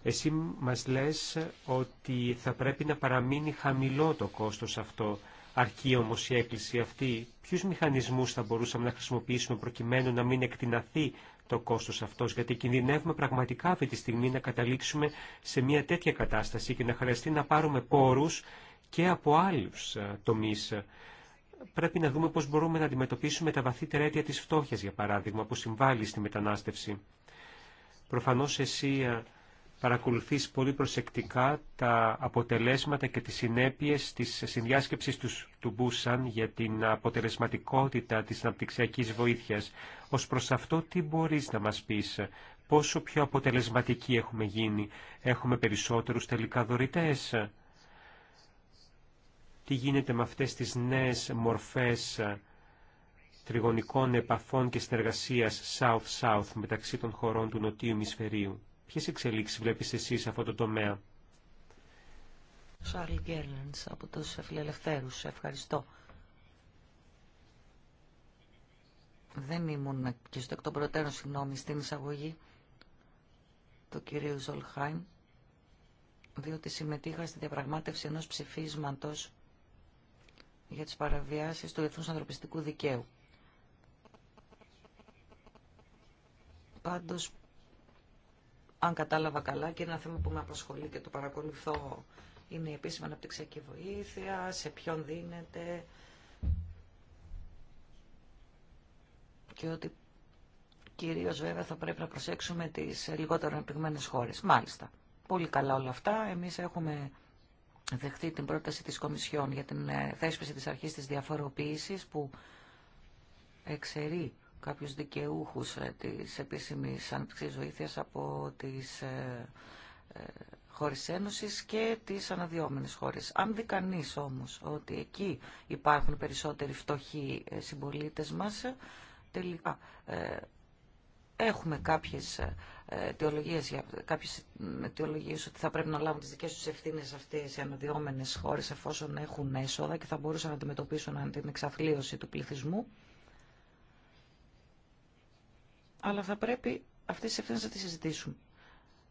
Εσύ μας λες ότι θα πρέπει να παραμείνει χαμηλό το κόστος αυτό. Αρκεί όμως η έκκληση αυτή. Ποιους μηχανισμούς θα μπορούσαμε να χρησιμοποιήσουμε προκειμένου να μην εκτιναθεί το κόστος αυτός, γιατί κινδυνεύουμε πραγματικά αυτή τη στιγμή να καταλήξουμε σε μια τέτοια κατάσταση και να χρειαστεί να πάρουμε πόρους και από άλλους ε, τομείς πρέπει να δούμε πώς μπορούμε να αντιμετωπίσουμε τα βαθύτερα αίτια της φτώχειας, για παράδειγμα, που συμβάλλει στη μετανάστευση. Προφανώς εσύ ε, παρακολουθείς πολύ προσεκτικά τα αποτελέσματα και τις συνέπειες της συνδιάσκεψης του, του Μπούσαν για την αποτελεσματικότητα της αναπτυξιακής βοήθειας. Ως προς αυτό τι μπορείς να μας πεις, πόσο πιο αποτελεσματικοί έχουμε γίνει, έχουμε περισσότερους τελικά δωρητές τι γίνεται με αυτές τις νέες μορφές ε, τριγωνικών επαφών και συνεργασίας South-South μεταξύ των χωρών του Νοτίου ημισφαιρίου. Ποιες εξελίξεις βλέπεις εσύ σε αυτό το τομέα. Σάρλ Γκέρλενς από τους Φιλελευθέρους. Ευχαριστώ. Δεν ήμουν και στο εκ των προτέρων συγγνώμη στην εισαγωγή του κυρίου Ζολχάιν, διότι συμμετείχα στη διαπραγμάτευση ενός ψηφίσματος για τις παραβιάσεις του διεθνούς ανθρωπιστικού δικαίου. Πάντως, αν κατάλαβα καλά και ένα θέμα που με απασχολεί και το παρακολουθώ είναι η επίσημη αναπτυξιακή βοήθεια, σε ποιον δίνεται και ότι κυρίως βέβαια θα πρέπει να προσέξουμε τις λιγότερο αναπτυγμένες χώρες. Μάλιστα. Πολύ καλά όλα αυτά. Εμείς έχουμε δεχτεί την πρόταση της Κομισιόν για την ε, θέσπιση της αρχής της διαφοροποίησης που εξαιρεί κάποιους δικαιούχους ε, της επίσημης ανάπτυξης βοήθειας από τις ε, χώρες Ένωσης και τις αναδυόμενες χώρες. Αν δει κανεί όμως ότι εκεί υπάρχουν περισσότεροι φτωχοί συμπολίτες μας, τελικά Έχουμε κάποιες ε, αιτιολογίες, για, κάποιες ότι θα πρέπει να λάβουν τις δικές τους ευθύνες αυτές οι αναδυόμενες χώρες εφόσον έχουν έσοδα και θα μπορούσαν να αντιμετωπίσουν την εξαθλίωση του πληθυσμού. Αλλά θα πρέπει αυτές τις ευθύνες να τις συζητήσουν.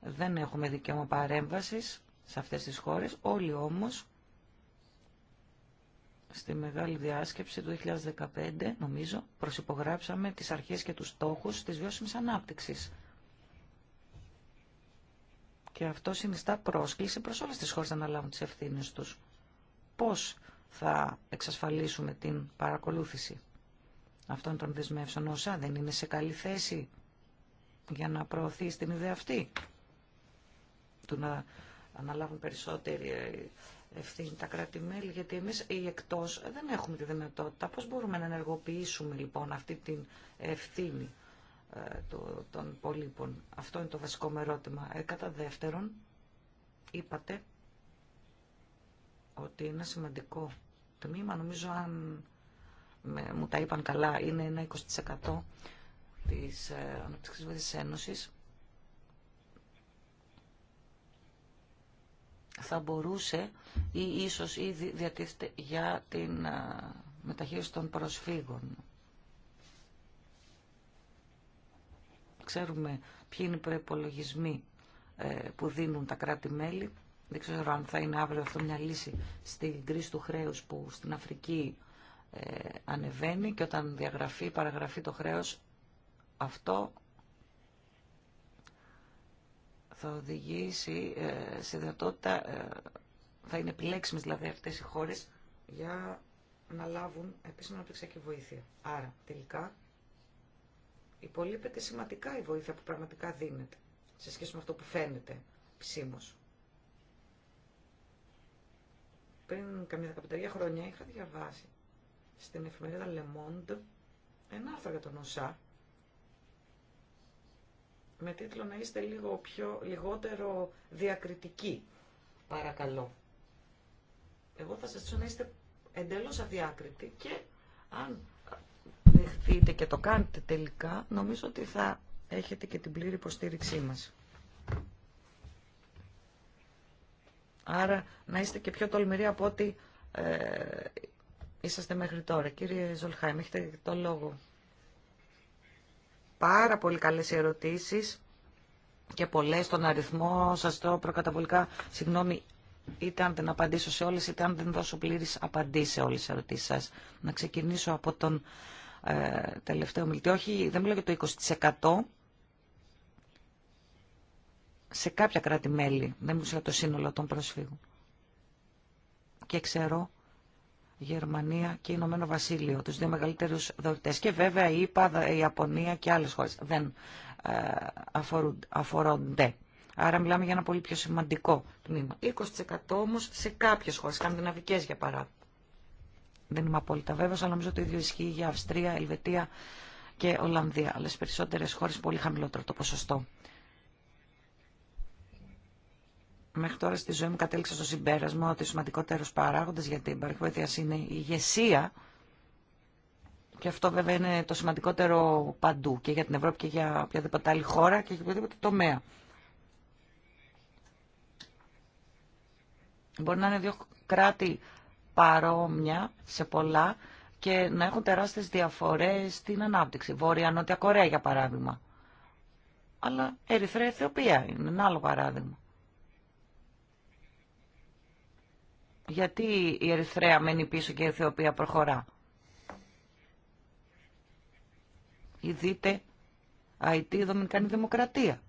Δεν έχουμε δικαίωμα παρέμβασης σε αυτές τις χώρες. Όλοι όμως στη μεγάλη διάσκεψη του 2015, νομίζω, προσυπογράψαμε τις αρχές και τους στόχους της βιώσιμης ανάπτυξης. Και αυτό συνιστά πρόσκληση προς όλες τις χώρες να αναλάβουν τις ευθύνες τους. Πώς θα εξασφαλίσουμε την παρακολούθηση αυτών των δεσμεύσεων όσα δεν είναι σε καλή θέση για να προωθεί την ιδέα αυτή του να αναλάβουν περισσότερη ευθύνη τα κράτη-μέλη, γιατί εμείς οι εκτός δεν έχουμε τη δυνατότητα. Πώς μπορούμε να ενεργοποιήσουμε λοιπόν αυτή την ευθύνη ε, των πολύπων. Αυτό είναι το βασικό μου ερώτημα. Ε, κατά δεύτερον, είπατε ότι ένα σημαντικό τμήμα, νομίζω αν μου τα είπαν καλά, είναι ένα 20% της ε, Αναπτυξής Ένωσης, θα μπορούσε ή ίσως ήδη διατίθεται για την μεταχείριση των προσφύγων. Ξέρουμε ποιοι είναι οι προπολογισμοί ε, που δίνουν τα κράτη-μέλη. Δεν ξέρω αν θα είναι αύριο αυτό μια λύση στην κρίση του χρέους που στην Αφρική ε, ανεβαίνει και όταν διαγραφεί, παραγραφεί το χρέος αυτό θα οδηγήσει ε, σε δυνατότητα, ε, θα είναι επιλέξιμες δηλαδή αυτές οι χώρες για να λάβουν επίσημα αναπτυξιακή βοήθεια. Άρα τελικά υπολείπεται σημαντικά η βοήθεια που πραγματικά δίνεται σε σχέση με αυτό που φαίνεται ψήμως. Πριν καμιά δεκαπενταρία χρόνια είχα διαβάσει στην εφημερίδα Le Monde ένα άρθρο για τον ΟΣΑ με τίτλο να είστε λίγο πιο, λιγότερο διακριτικοί, παρακαλώ. Εγώ θα σας ζητήσω να είστε εντελώς αδιάκριτοι και αν δεχτείτε και το κάνετε τελικά, νομίζω ότι θα έχετε και την πλήρη υποστήριξή μας. Άρα να είστε και πιο τολμηροί από ό,τι ε, είσαστε μέχρι τώρα. Κύριε Ζολχάιμ, έχετε το λόγο πάρα πολύ καλές ερωτήσεις και πολλές στον αριθμό. Σας το προκαταβολικά, συγγνώμη, είτε αν δεν απαντήσω σε όλες, είτε αν δεν δώσω πλήρης απαντή σε όλες τις ερωτήσεις σας. Να ξεκινήσω από τον ε, τελευταίο μιλητή. Όχι, δεν μιλάω για το 20%. Σε κάποια κράτη-μέλη, δεν μιλούσα για το σύνολο των προσφύγων. Και ξέρω Γερμανία και Ηνωμένο Βασίλειο, τους δύο μεγαλύτερους δωρητές. Και βέβαια η ΙΠΑ, η Ιαπωνία και άλλες χώρες δεν ε, αφορούνται. Άρα μιλάμε για ένα πολύ πιο σημαντικό τμήμα. 20% όμως σε κάποιες χώρες, σκανδιναβικές για παράδειγμα. Δεν είμαι απόλυτα βέβαιος, αλλά νομίζω το ίδιο ισχύει για Αυστρία, Ελβετία και Ολλανδία. Αλλά σε περισσότερες χώρες πολύ χαμηλότερο το ποσοστό. Μέχρι τώρα στη ζωή μου κατέληξα στο συμπέρασμα ότι ο σημαντικότερος παράγοντας για την παρακολουθία είναι η ηγεσία και αυτό βέβαια είναι το σημαντικότερο παντού και για την Ευρώπη και για οποιαδήποτε άλλη χώρα και για οποιοδήποτε τομέα. Μπορεί να είναι δύο κράτη παρόμοια σε πολλά και να έχουν τεράστιες διαφορές στην ανάπτυξη. Βόρεια Νότια Κορέα για παράδειγμα. Αλλά Ερυθρέα Αιθιοπία είναι ένα άλλο παράδειγμα. Γιατί η Ερυθρέα μένει πίσω και η Αιθιοπία προχωρά. Ή δείτε, Αιτή, η Δομινικανή Δημοκρατία.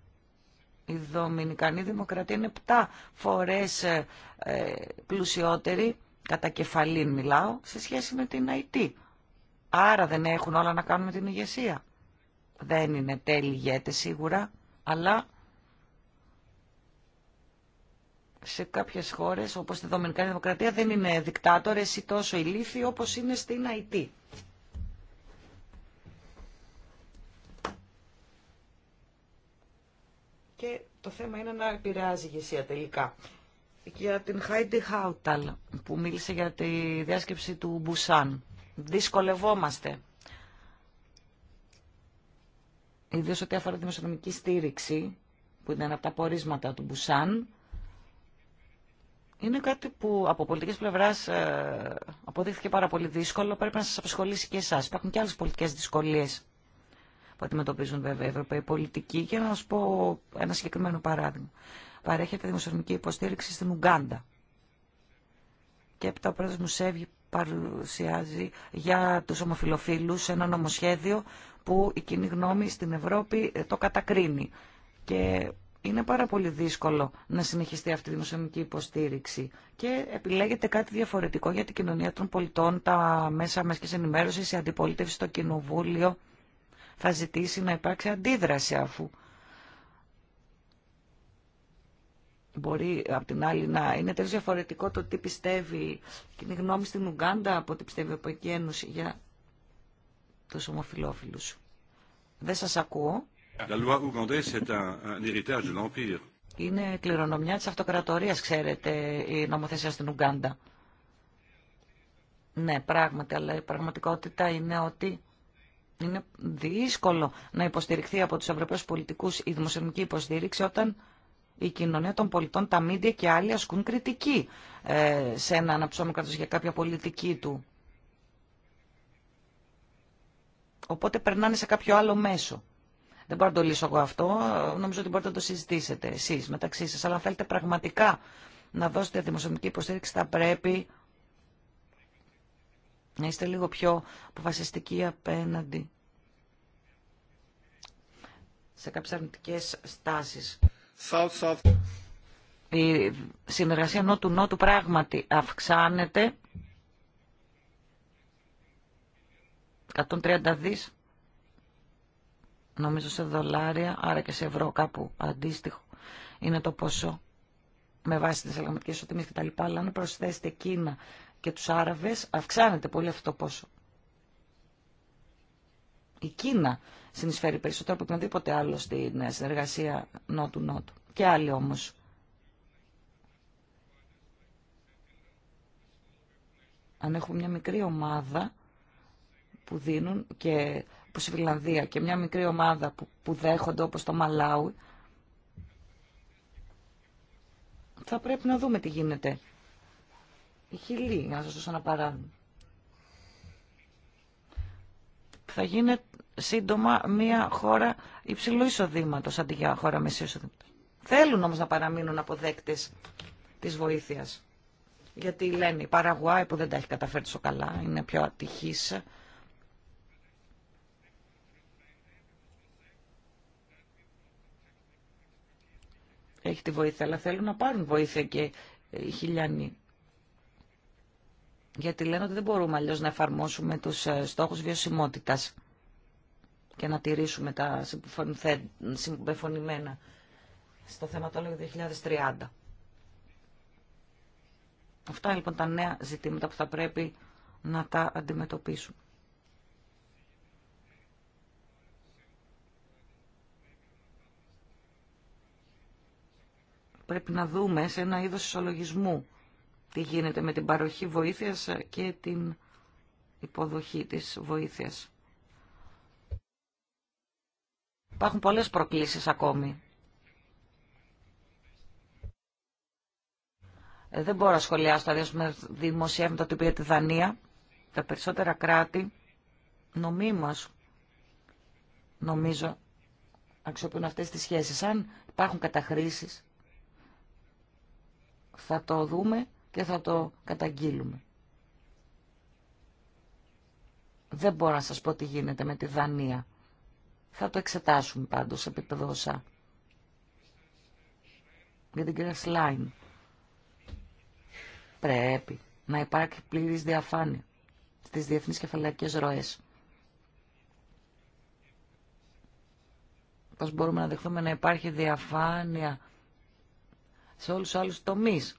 Η Δομινικανή Δημοκρατία είναι 7 φορές ε, ε, πλουσιότερη, κατά κεφαλήν μιλάω, σε σχέση με την Αιτή. Άρα δεν έχουν όλα να κάνουν με την ηγεσία. Δεν είναι τέλειοι σίγουρα, αλλά σε κάποιε χώρες όπως στη Δομινικανή Δημοκρατία δεν είναι δικτάτορε ή τόσο ηλίθιοι όπως είναι στην Αϊτή. Και το θέμα είναι να επηρεάζει η ηγεσία τελικά. Για την Χάιντι Χάουταλ που μίλησε για τη διάσκεψη του Μπουσάν. Δυσκολευόμαστε. Ιδίως ό,τι αφορά τη δημοσιονομική στήριξη που ήταν από τα πορίσματα του Μπουσάν είναι κάτι που από πολιτική πλευρά ε, αποδείχθηκε πάρα πολύ δύσκολο. Πρέπει να σα απασχολήσει και εσά. Υπάρχουν και άλλε πολιτικέ δυσκολίε που αντιμετωπίζουν βέβαια οι Ευρωπαίοι πολιτικοί. Και να σα πω ένα συγκεκριμένο παράδειγμα. Παρέχεται δημοσιονομική υποστήριξη στην Ουγγάντα. Και έπειτα ο πρόεδρο Μουσέβη παρουσιάζει για του ομοφυλοφίλου ένα νομοσχέδιο που η κοινή γνώμη στην Ευρώπη το κατακρίνει. Και είναι πάρα πολύ δύσκολο να συνεχιστεί αυτή η δημοσιονομική υποστήριξη και επιλέγεται κάτι διαφορετικό για την κοινωνία των πολιτών, τα μέσα μέσα ενημέρωση η αντιπολίτευση στο κοινοβούλιο θα ζητήσει να υπάρξει αντίδραση αφού μπορεί απ' την άλλη να είναι τελείως διαφορετικό το τι πιστεύει η η γνώμη στην Ουγγάντα από τι πιστεύει η Ευρωπαϊκή Ένωση για τους ομοφιλόφιλους. Δεν σας ακούω. Είναι κληρονομιά της αυτοκρατορίας, ξέρετε, η νομοθεσία στην Ουγγάντα. Ναι, πράγματι, αλλά η πραγματικότητα είναι ότι είναι δύσκολο να υποστηριχθεί από τους ευρωπαίους πολιτικούς η δημοσιονομική υποστήριξη όταν η κοινωνία των πολιτών, τα μίντια και άλλοι ασκούν κριτική ε, σε ένα αναψώμενο κράτος για κάποια πολιτική του. Οπότε περνάνε σε κάποιο άλλο μέσο. Δεν μπορώ να το λύσω εγώ αυτό. Νομίζω ότι μπορείτε να το συζητήσετε εσεί μεταξύ σα. Αλλά αν θέλετε πραγματικά να δώσετε δημοσιονομική υποστήριξη, θα πρέπει να είστε λίγο πιο αποφασιστικοί απέναντι σε κάποιε αρνητικέ στάσει. Η συνεργασία νότου-νότου πράγματι αυξάνεται. 130 δις νομίζω σε δολάρια, άρα και σε ευρώ κάπου αντίστοιχο είναι το ποσό με βάση τις αλλαγματικές ισοτιμίες και τα λοιπά, αλλά αν προσθέσετε Κίνα και τους Άραβες, αυξάνεται πολύ αυτό το πόσο. Η Κίνα συνεισφέρει περισσότερο από οποιονδήποτε άλλο στην συνεργασία νότου-νότου. Και άλλοι όμως. Αν έχουμε μια μικρή ομάδα που δίνουν και όπως η και μια μικρή ομάδα που, που δέχονται όπως το Μαλάου, θα πρέπει να δούμε τι γίνεται. Η χιλή, να σας δώσω ένα παράδειγμα. Θα γίνει σύντομα μια χώρα υψηλού εισοδήματο αντί για χώρα μεσίου εισοδήματο. Θέλουν όμως να παραμείνουν αποδέκτες της βοήθειας. Γιατί λένε η Παραγουάη που δεν τα έχει καταφέρει τόσο καλά, είναι πιο ατυχής έχει τη βοήθεια, αλλά θέλουν να πάρουν βοήθεια και οι χιλιανοί. Γιατί λένε ότι δεν μπορούμε αλλιώ να εφαρμόσουμε τους ε, στόχους βιωσιμότητα και να τηρήσουμε τα συμπεφωνημένα στο θεματόλογο 2030. Αυτά λοιπόν τα νέα ζητήματα που θα πρέπει να τα αντιμετωπίσουμε. πρέπει να δούμε σε ένα είδος ισολογισμού τι γίνεται με την παροχή βοήθειας και την υποδοχή της βοήθειας. Υπάρχουν πολλές προκλήσεις ακόμη. Ε, δεν μπορώ να σχολιάσω δηλαδή, τα δημοσιεύματα του οποία τη Δανία. Τα περισσότερα κράτη νομίμως, νομίζω, αξιοποιούν αυτές τις σχέσεις. Αν υπάρχουν καταχρήσεις, θα το δούμε και θα το καταγγείλουμε. Δεν μπορώ να σας πω τι γίνεται με τη Δανία. Θα το εξετάσουμε πάντως σε επίπεδο ΩΣΑ. Για την κυρία Σλάιν. Πρέπει να υπάρχει πλήρης διαφάνεια στις διεθνείς κεφαλαϊκές ροές. Πώς μπορούμε να δεχθούμε να υπάρχει διαφάνεια σε όλους τους άλλους τομείς.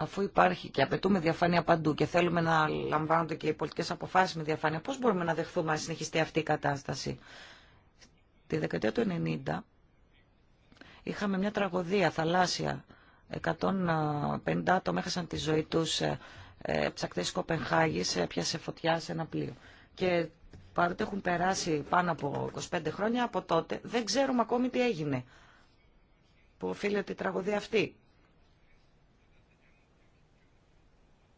Αφού υπάρχει και απαιτούμε διαφάνεια παντού και θέλουμε να λαμβάνονται και οι πολιτικές αποφάσεις με διαφάνεια, πώς μπορούμε να δεχθούμε να συνεχιστεί αυτή η κατάσταση. Τη δεκαετία του 90 είχαμε μια τραγωδία θαλάσσια. 150 άτομα έχασαν τη ζωή τους ε, ε ψακτές Κοπενχάγης, ε, έπιασε φωτιά σε ένα πλοίο. Και Παρότι έχουν περάσει πάνω από 25 χρόνια από τότε, δεν ξέρουμε ακόμη τι έγινε που οφείλεται η τραγωδία αυτή.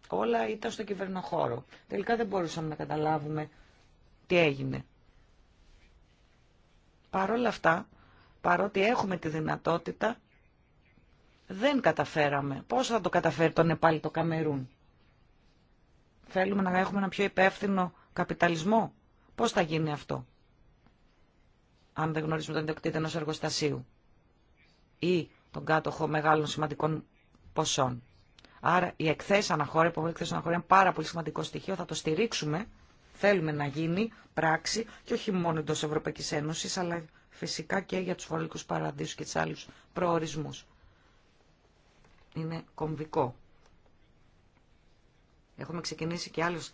Όλα ήταν στο κυβερνοχώρο. Τελικά δεν μπορούσαμε να καταλάβουμε τι έγινε. Παρ' αυτά, παρότι έχουμε τη δυνατότητα, δεν καταφέραμε. Πώς θα το καταφέρει τον Νεπάλι το Καμερούν. Θέλουμε να έχουμε ένα πιο υπεύθυνο καπιταλισμό. Πώς θα γίνει αυτό, αν δεν γνωρίζουμε τον ιδιοκτήτη ενός εργοστασίου ή τον κάτοχο μεγάλων σημαντικών ποσών. Άρα η εκθέση αναχώρα, η εκθέση αναχώρα εκθεση πάρα πολύ σημαντικό στοιχείο, θα το στηρίξουμε, θέλουμε να γίνει πράξη και όχι μόνο εντό Ευρωπαϊκή Ένωση, αλλά φυσικά και για του φορολογικού παραδείσου και του άλλου προορισμού. Είναι κομβικό. Έχουμε ξεκινήσει και άλλους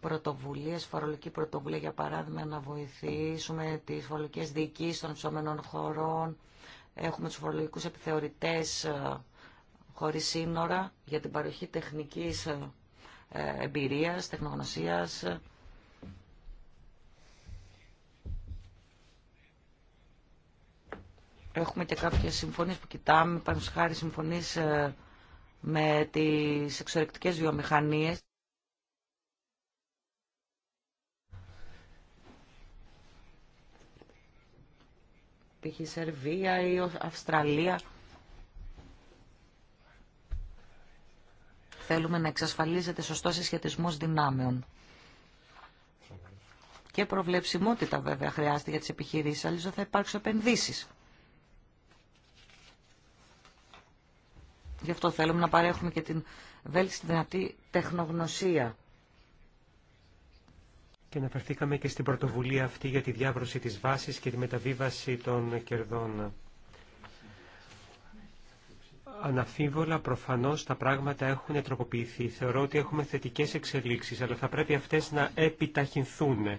πρωτοβουλίες, φορολογική πρωτοβουλία για παράδειγμα να βοηθήσουμε τις φορολογικές διοικήσεις των ψωμένων χωρών. Έχουμε τους φορολογικούς επιθεωρητές ε, χωρίς σύνορα για την παροχή τεχνικής ε, ε, εμπειρίας, τεχνογνωσίας. Έχουμε και κάποιες συμφωνίες που κοιτάμε, πάνω χάρη συμφωνίες με τις εξορρεκτικές βιομηχανίες. π.χ. η Σερβία ή η Αυστραλία. Θέλουμε να εξασφαλίζεται σωστός συσχετισμός δυνάμεων. Και προβλεψιμότητα βέβαια χρειάζεται για τις επιχειρήσεις, αλλιώς θα υπάρξουν επενδύσεις. Γι' αυτό θέλουμε να παρέχουμε και την βέλτιστη δυνατή τεχνογνωσία και αναφερθήκαμε και στην πρωτοβουλία αυτή για τη διάβρωση της βάσης και τη μεταβίβαση των κερδών. Αναφίβολα, προφανώς, τα πράγματα έχουν τροποποιηθεί. Θεωρώ ότι έχουμε θετικές εξελίξεις, αλλά θα πρέπει αυτές να επιταχυνθούν.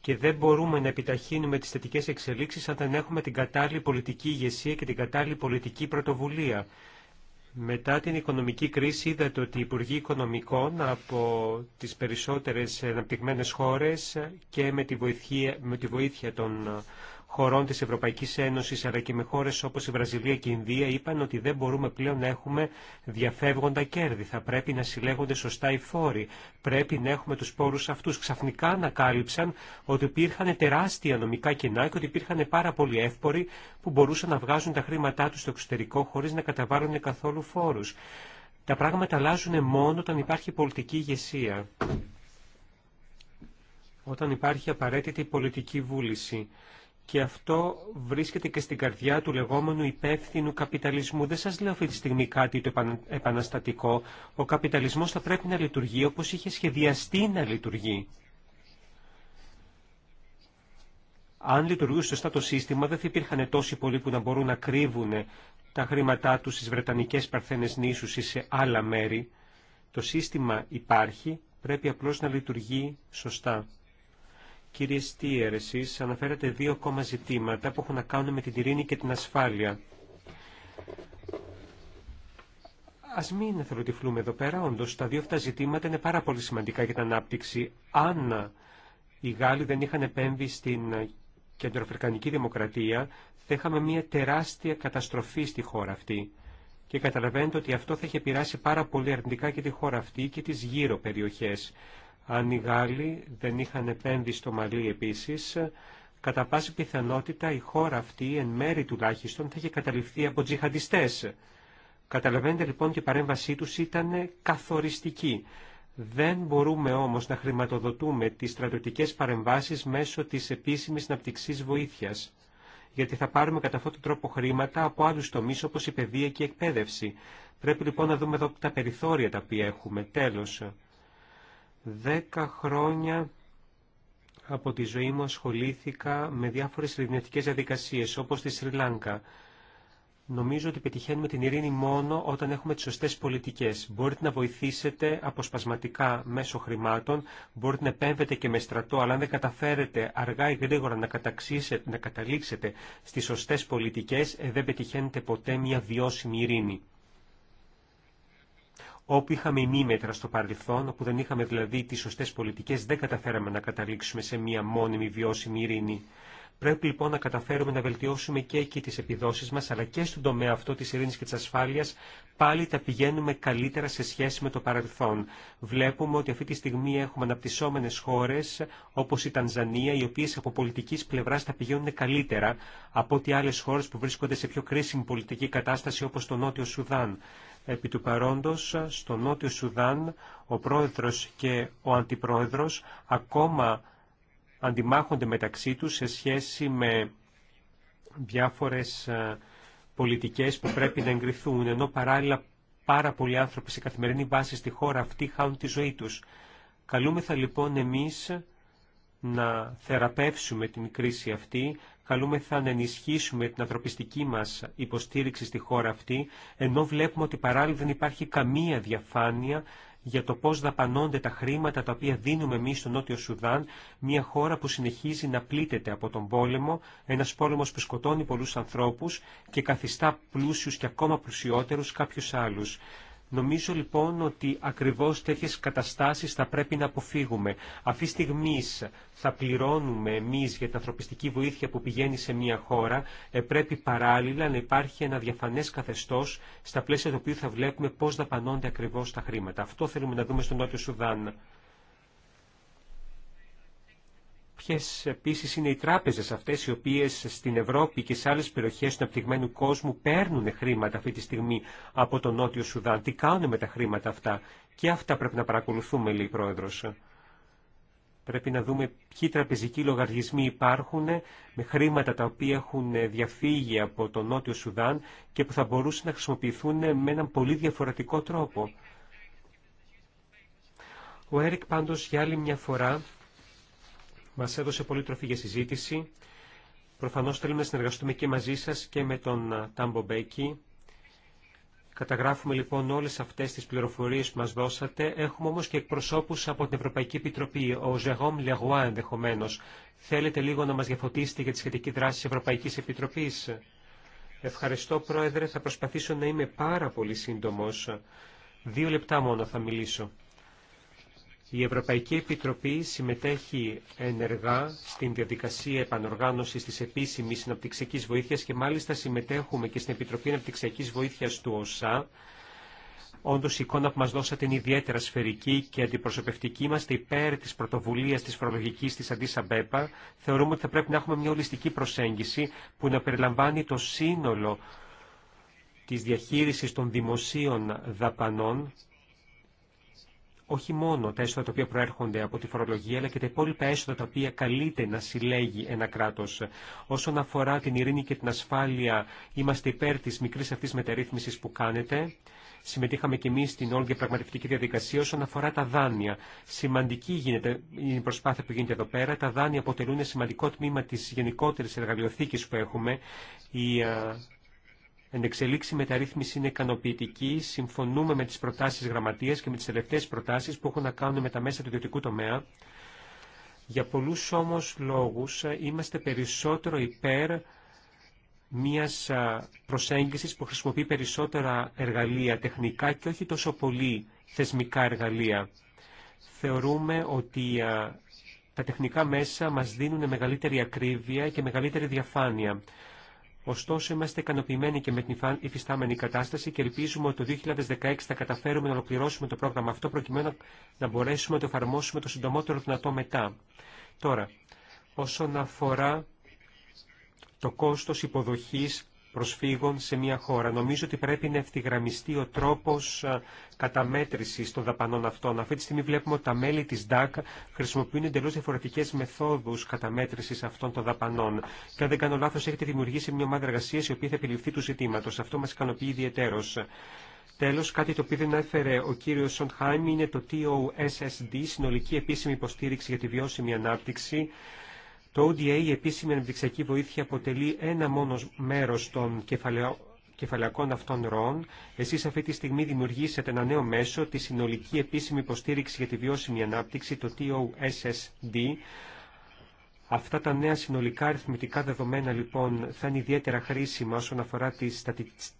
Και δεν μπορούμε να επιταχύνουμε τις θετικές εξελίξεις αν δεν έχουμε την κατάλληλη πολιτική ηγεσία και την κατάλληλη πολιτική πρωτοβουλία. Μετά την οικονομική κρίση είδατε ότι οι Υπουργοί Οικονομικών από τις περισσότερες αναπτυγμένες χώρες και με τη βοήθεια, με τη βοήθεια των χωρών της Ευρωπαϊκής Ένωσης αλλά και με χώρες όπως η Βραζιλία και η Ινδία είπαν ότι δεν μπορούμε πλέον να έχουμε διαφεύγοντα κέρδη. Θα πρέπει να συλλέγονται σωστά οι φόροι. Πρέπει να έχουμε τους πόρους αυτούς. Ξαφνικά ανακάλυψαν ότι υπήρχαν τεράστια νομικά κοινά και ότι υπήρχαν πάρα πολλοί εύποροι που μπορούσαν να βγάζουν τα χρήματά τους στο εξωτερικό χωρίς να καταβάλουν καθόλου φόρους. Τα πράγματα αλλάζουν μόνο όταν υπάρχει πολιτική ηγεσία όταν υπάρχει απαραίτητη πολιτική βούληση. Και αυτό βρίσκεται και στην καρδιά του λεγόμενου υπεύθυνου καπιταλισμού. Δεν σας λέω αυτή τη στιγμή κάτι το επαναστατικό. Ο καπιταλισμός θα πρέπει να λειτουργεί όπως είχε σχεδιαστεί να λειτουργεί. Αν λειτουργούσε σωστά το σύστημα, δεν θα υπήρχαν τόσοι πολλοί που να μπορούν να κρύβουν τα χρήματά τους στις Βρετανικές Παρθένες νήσους ή σε άλλα μέρη. Το σύστημα υπάρχει, πρέπει απλώς να λειτουργεί σωστά. Κύριε Στίερ, εσείς αναφέρατε δύο ακόμα ζητήματα που έχουν να κάνουν με την ειρήνη και την ασφάλεια. Α μην εθελοτυφλούμε εδώ πέρα. Όντω, τα δύο αυτά ζητήματα είναι πάρα πολύ σημαντικά για την ανάπτυξη. Αν οι Γάλλοι δεν είχαν επέμβει στην κεντροαφρικανική δημοκρατία, θα είχαμε μια τεράστια καταστροφή στη χώρα αυτή. Και καταλαβαίνετε ότι αυτό θα είχε πειράσει πάρα πολύ αρνητικά και τη χώρα αυτή και τις γύρω περιοχές αν οι Γάλλοι δεν είχαν επένδυση στο Μαλί επίσης, κατά πάση πιθανότητα η χώρα αυτή, εν μέρη τουλάχιστον, θα είχε καταληφθεί από τζιχαντιστές. Καταλαβαίνετε λοιπόν και η παρέμβασή τους ήταν καθοριστική. Δεν μπορούμε όμως να χρηματοδοτούμε τις στρατιωτικές παρεμβάσεις μέσω της επίσημης ναπτυξής βοήθειας γιατί θα πάρουμε κατά αυτόν τον τρόπο χρήματα από άλλους τομείς όπως η παιδεία και η εκπαίδευση. Πρέπει λοιπόν να δούμε εδώ τα περιθώρια τα οποία έχουμε. Τέλος, Δέκα χρόνια από τη ζωή μου ασχολήθηκα με διάφορες ειρηνευτικές διαδικασίες, όπως στη Σρι Λάγκα. Νομίζω ότι πετυχαίνουμε την ειρήνη μόνο όταν έχουμε τις σωστές πολιτικές. Μπορείτε να βοηθήσετε αποσπασματικά μέσω χρημάτων, μπορείτε να επέμβετε και με στρατό, αλλά αν δεν καταφέρετε αργά ή γρήγορα να, να καταλήξετε στις σωστές πολιτικές, ε, δεν πετυχαίνετε ποτέ μια βιώσιμη ειρήνη όπου είχαμε ημίμετρα στο παρελθόν, όπου δεν είχαμε δηλαδή τις σωστές πολιτικές, δεν καταφέραμε να καταλήξουμε σε μία μόνιμη βιώσιμη ειρήνη. Πρέπει λοιπόν να καταφέρουμε να βελτιώσουμε και εκεί τις επιδόσεις μας, αλλά και στον τομέα αυτό της ειρήνης και της ασφάλειας, πάλι τα πηγαίνουμε καλύτερα σε σχέση με το παρελθόν. Βλέπουμε ότι αυτή τη στιγμή έχουμε αναπτυσσόμενες χώρες, όπως η Τανζανία, οι οποίες από πολιτικής πλευράς τα πηγαίνουν καλύτερα από ότι άλλες χώρες που βρίσκονται σε πιο κρίσιμη πολιτική κατάσταση, όπως το Νότιο Σουδάν. Επί του παρόντος, στο Νότιο Σουδάν, ο πρόεδρος και ο αντιπρόεδρος ακόμα αντιμάχονται μεταξύ τους σε σχέση με διάφορες ε, πολιτικές που πρέπει να εγκριθούν, ενώ παράλληλα πάρα πολλοί άνθρωποι σε καθημερινή βάση στη χώρα αυτή χάνουν τη ζωή τους. Καλούμεθα λοιπόν εμείς να θεραπεύσουμε την κρίση αυτή, καλούμεθα να ενισχύσουμε την ανθρωπιστική μας υποστήριξη στη χώρα αυτή, ενώ βλέπουμε ότι παράλληλα δεν υπάρχει καμία διαφάνεια για το πώς δαπανώνται τα χρήματα τα οποία δίνουμε εμείς στο Νότιο Σουδάν, μια χώρα που συνεχίζει να πλήττεται από τον πόλεμο, ένας πόλεμος που σκοτώνει πολλούς ανθρώπους και καθιστά πλούσιους και ακόμα πλουσιότερους κάποιους άλλους. Νομίζω λοιπόν ότι ακριβώς τέτοιες καταστάσεις θα πρέπει να αποφύγουμε. Αυτή τη στιγμή θα πληρώνουμε εμείς για την ανθρωπιστική βοήθεια που πηγαίνει σε μια χώρα. Ε, πρέπει παράλληλα να υπάρχει ένα διαφανές καθεστώς στα πλαίσια του οποίου θα βλέπουμε πώς δαπανώνται ακριβώς τα χρήματα. Αυτό θέλουμε να δούμε στο Νότιο Σουδάν. Ποιε επίση είναι οι τράπεζε αυτέ οι οποίε στην Ευρώπη και σε άλλε περιοχέ του αναπτυγμένου κόσμου παίρνουν χρήματα αυτή τη στιγμή από τον Νότιο Σουδάν. Τι κάνουν με τα χρήματα αυτά. Και αυτά πρέπει να παρακολουθούμε, λέει η Πρόεδρο. Πρέπει να δούμε ποιοι τραπεζικοί λογαριασμοί υπάρχουν με χρήματα τα οποία έχουν διαφύγει από τον Νότιο Σουδάν και που θα μπορούσαν να χρησιμοποιηθούν με έναν πολύ διαφορετικό τρόπο. Ο Έρικ πάντως για άλλη μια φορά μας έδωσε πολύ τροφή για συζήτηση. Προφανώς θέλουμε να συνεργαστούμε και μαζί σας και με τον Τάμπο Μπέκη. Καταγράφουμε λοιπόν όλες αυτές τις πληροφορίες που μας δώσατε. Έχουμε όμως και εκπροσώπους από την Ευρωπαϊκή Επιτροπή, ο Ζεγόμ Λεγουά ενδεχομένω. Θέλετε λίγο να μας διαφωτίσετε για τη σχετική δράση της Ευρωπαϊκής Επιτροπής. Ευχαριστώ Πρόεδρε, θα προσπαθήσω να είμαι πάρα πολύ σύντομος. Δύο λεπτά μόνο θα μιλήσω. Η Ευρωπαϊκή Επιτροπή συμμετέχει ενεργά στην διαδικασία επανοργάνωσης της επίσημης συναπτυξιακής βοήθειας και μάλιστα συμμετέχουμε και στην Επιτροπή Αναπτυξιακή Βοήθειας του ΟΣΑ. Όντω, η εικόνα που μα δώσατε είναι ιδιαίτερα σφαιρική και αντιπροσωπευτική. Είμαστε υπέρ τη πρωτοβουλία τη φορολογική τη Αντίσα Μπέπα. Θεωρούμε ότι θα πρέπει να έχουμε μια ολιστική προσέγγιση που να περιλαμβάνει το σύνολο τη διαχείρισης των δημοσίων δαπανών όχι μόνο τα έσοδα τα οποία προέρχονται από τη φορολογία, αλλά και τα υπόλοιπα έσοδα τα οποία καλείται να συλλέγει ένα κράτο. Όσον αφορά την ειρήνη και την ασφάλεια, είμαστε υπέρ τη μικρή αυτή μεταρρύθμιση που κάνετε. Συμμετείχαμε και εμεί στην όλη διαπραγματευτική διαδικασία όσον αφορά τα δάνεια. Σημαντική γίνεται η προσπάθεια που γίνεται εδώ πέρα. Τα δάνεια αποτελούν σημαντικό τμήμα τη γενικότερη εργαλειοθήκη που έχουμε. Η εν εξελίξει μεταρρύθμιση είναι ικανοποιητική, συμφωνούμε με τις προτάσεις γραμματείας και με τις τελευταίες προτάσεις που έχουν να κάνουν με τα μέσα του ιδιωτικού τομέα. Για πολλούς όμως λόγους ε, είμαστε περισσότερο υπέρ μιας ε, προσέγγισης που χρησιμοποιεί περισσότερα εργαλεία τεχνικά και όχι τόσο πολύ θεσμικά εργαλεία. Θεωρούμε ότι ε, τα τεχνικά μέσα μας δίνουν μεγαλύτερη ακρίβεια και μεγαλύτερη διαφάνεια. Ωστόσο, είμαστε ικανοποιημένοι και με την υφιστάμενη κατάσταση και ελπίζουμε ότι το 2016 θα καταφέρουμε να ολοκληρώσουμε το πρόγραμμα αυτό προκειμένου να μπορέσουμε να το εφαρμόσουμε το συντομότερο δυνατό μετά. Τώρα, όσον αφορά το κόστος υποδοχής προσφύγων σε μια χώρα. Νομίζω ότι πρέπει να ευθυγραμμιστεί ο τρόπος ε, καταμέτρησης των δαπανών αυτών. Αυτή τη στιγμή βλέπουμε ότι τα μέλη της ΔΑΚ χρησιμοποιούν εντελώ διαφορετικές μεθόδους καταμέτρησης αυτών των δαπανών. Και αν δεν κάνω λάθος έχετε δημιουργήσει μια ομάδα εργασία η οποία θα επιληφθεί του ζητήματος. Αυτό μας ικανοποιεί ιδιαιτέρως. Τέλος, κάτι το οποίο δεν έφερε ο κύριος Σοντχάιμ είναι το TOSSD, συνολική επίσημη υποστήριξη για τη βιώσιμη ανάπτυξη. Το ODA, η επίσημη αναπτυξιακή βοήθεια, αποτελεί ένα μόνο μέρος των κεφαλακών αυτών ροών. Εσείς αυτή τη στιγμή δημιουργήσατε ένα νέο μέσο, τη συνολική επίσημη υποστήριξη για τη βιώσιμη ανάπτυξη, το TOSSD, Αυτά τα νέα συνολικά αριθμητικά δεδομένα λοιπόν θα είναι ιδιαίτερα χρήσιμα όσον αφορά τη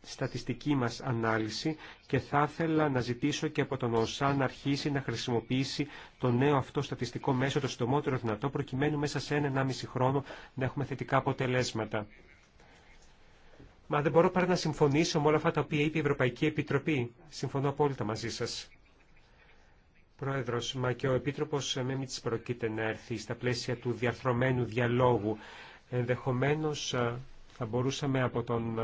στατιστική μας ανάλυση και θα ήθελα να ζητήσω και από τον ΟΣΑ να αρχίσει να χρησιμοποιήσει το νέο αυτό στατιστικό μέσο το συντομότερο δυνατό προκειμένου μέσα σε ένα 1,5 χρόνο να έχουμε θετικά αποτελέσματα. Μα δεν μπορώ παρά να συμφωνήσω με όλα αυτά τα οποία είπε η Ευρωπαϊκή Επιτροπή. Συμφωνώ απόλυτα μαζί σας. Πρόεδρος, μα και ο Επίτροπος ε, Μέμιτς προκείται να έρθει στα πλαίσια του διαρθρωμένου διαλόγου. Ενδεχομένως ε, θα μπορούσαμε από τον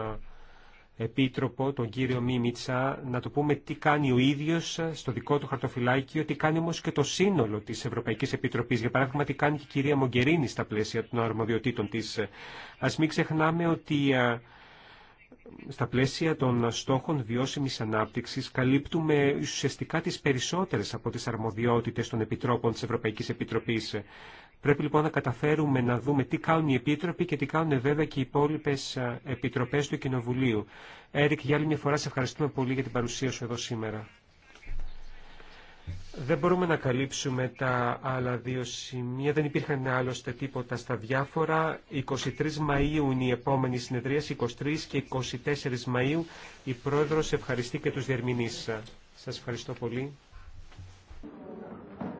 ε, Επίτροπο, τον κύριο Μίμητσα, να το πούμε τι κάνει ο ίδιος στο δικό του χαρτοφυλάκιο, τι κάνει όμως και το σύνολο της Ευρωπαϊκής Επιτροπής. Για παράδειγμα, τι κάνει και η κυρία Μογκερίνη στα πλαίσια των αρμοδιοτήτων της. Ας μην ξεχνάμε ότι στα πλαίσια των στόχων βιώσιμης ανάπτυξης καλύπτουμε ουσιαστικά τις περισσότερες από τις αρμοδιότητες των επιτρόπων της Ευρωπαϊκής Επιτροπής. Πρέπει λοιπόν να καταφέρουμε να δούμε τι κάνουν οι επίτροποι και τι κάνουν βέβαια και οι υπόλοιπε επιτροπές του Κοινοβουλίου. Έρικ, για άλλη μια φορά σε ευχαριστούμε πολύ για την παρουσία σου εδώ σήμερα. Δεν μπορούμε να καλύψουμε τα άλλα δύο σημεία. Δεν υπήρχαν άλλωστε τίποτα στα διάφορα. 23 Μαΐου είναι η επόμενη συνεδρία, 23 και 24 Μαΐου. Η Πρόεδρος ευχαριστεί και τους διερμηνείς. Σας ευχαριστώ πολύ.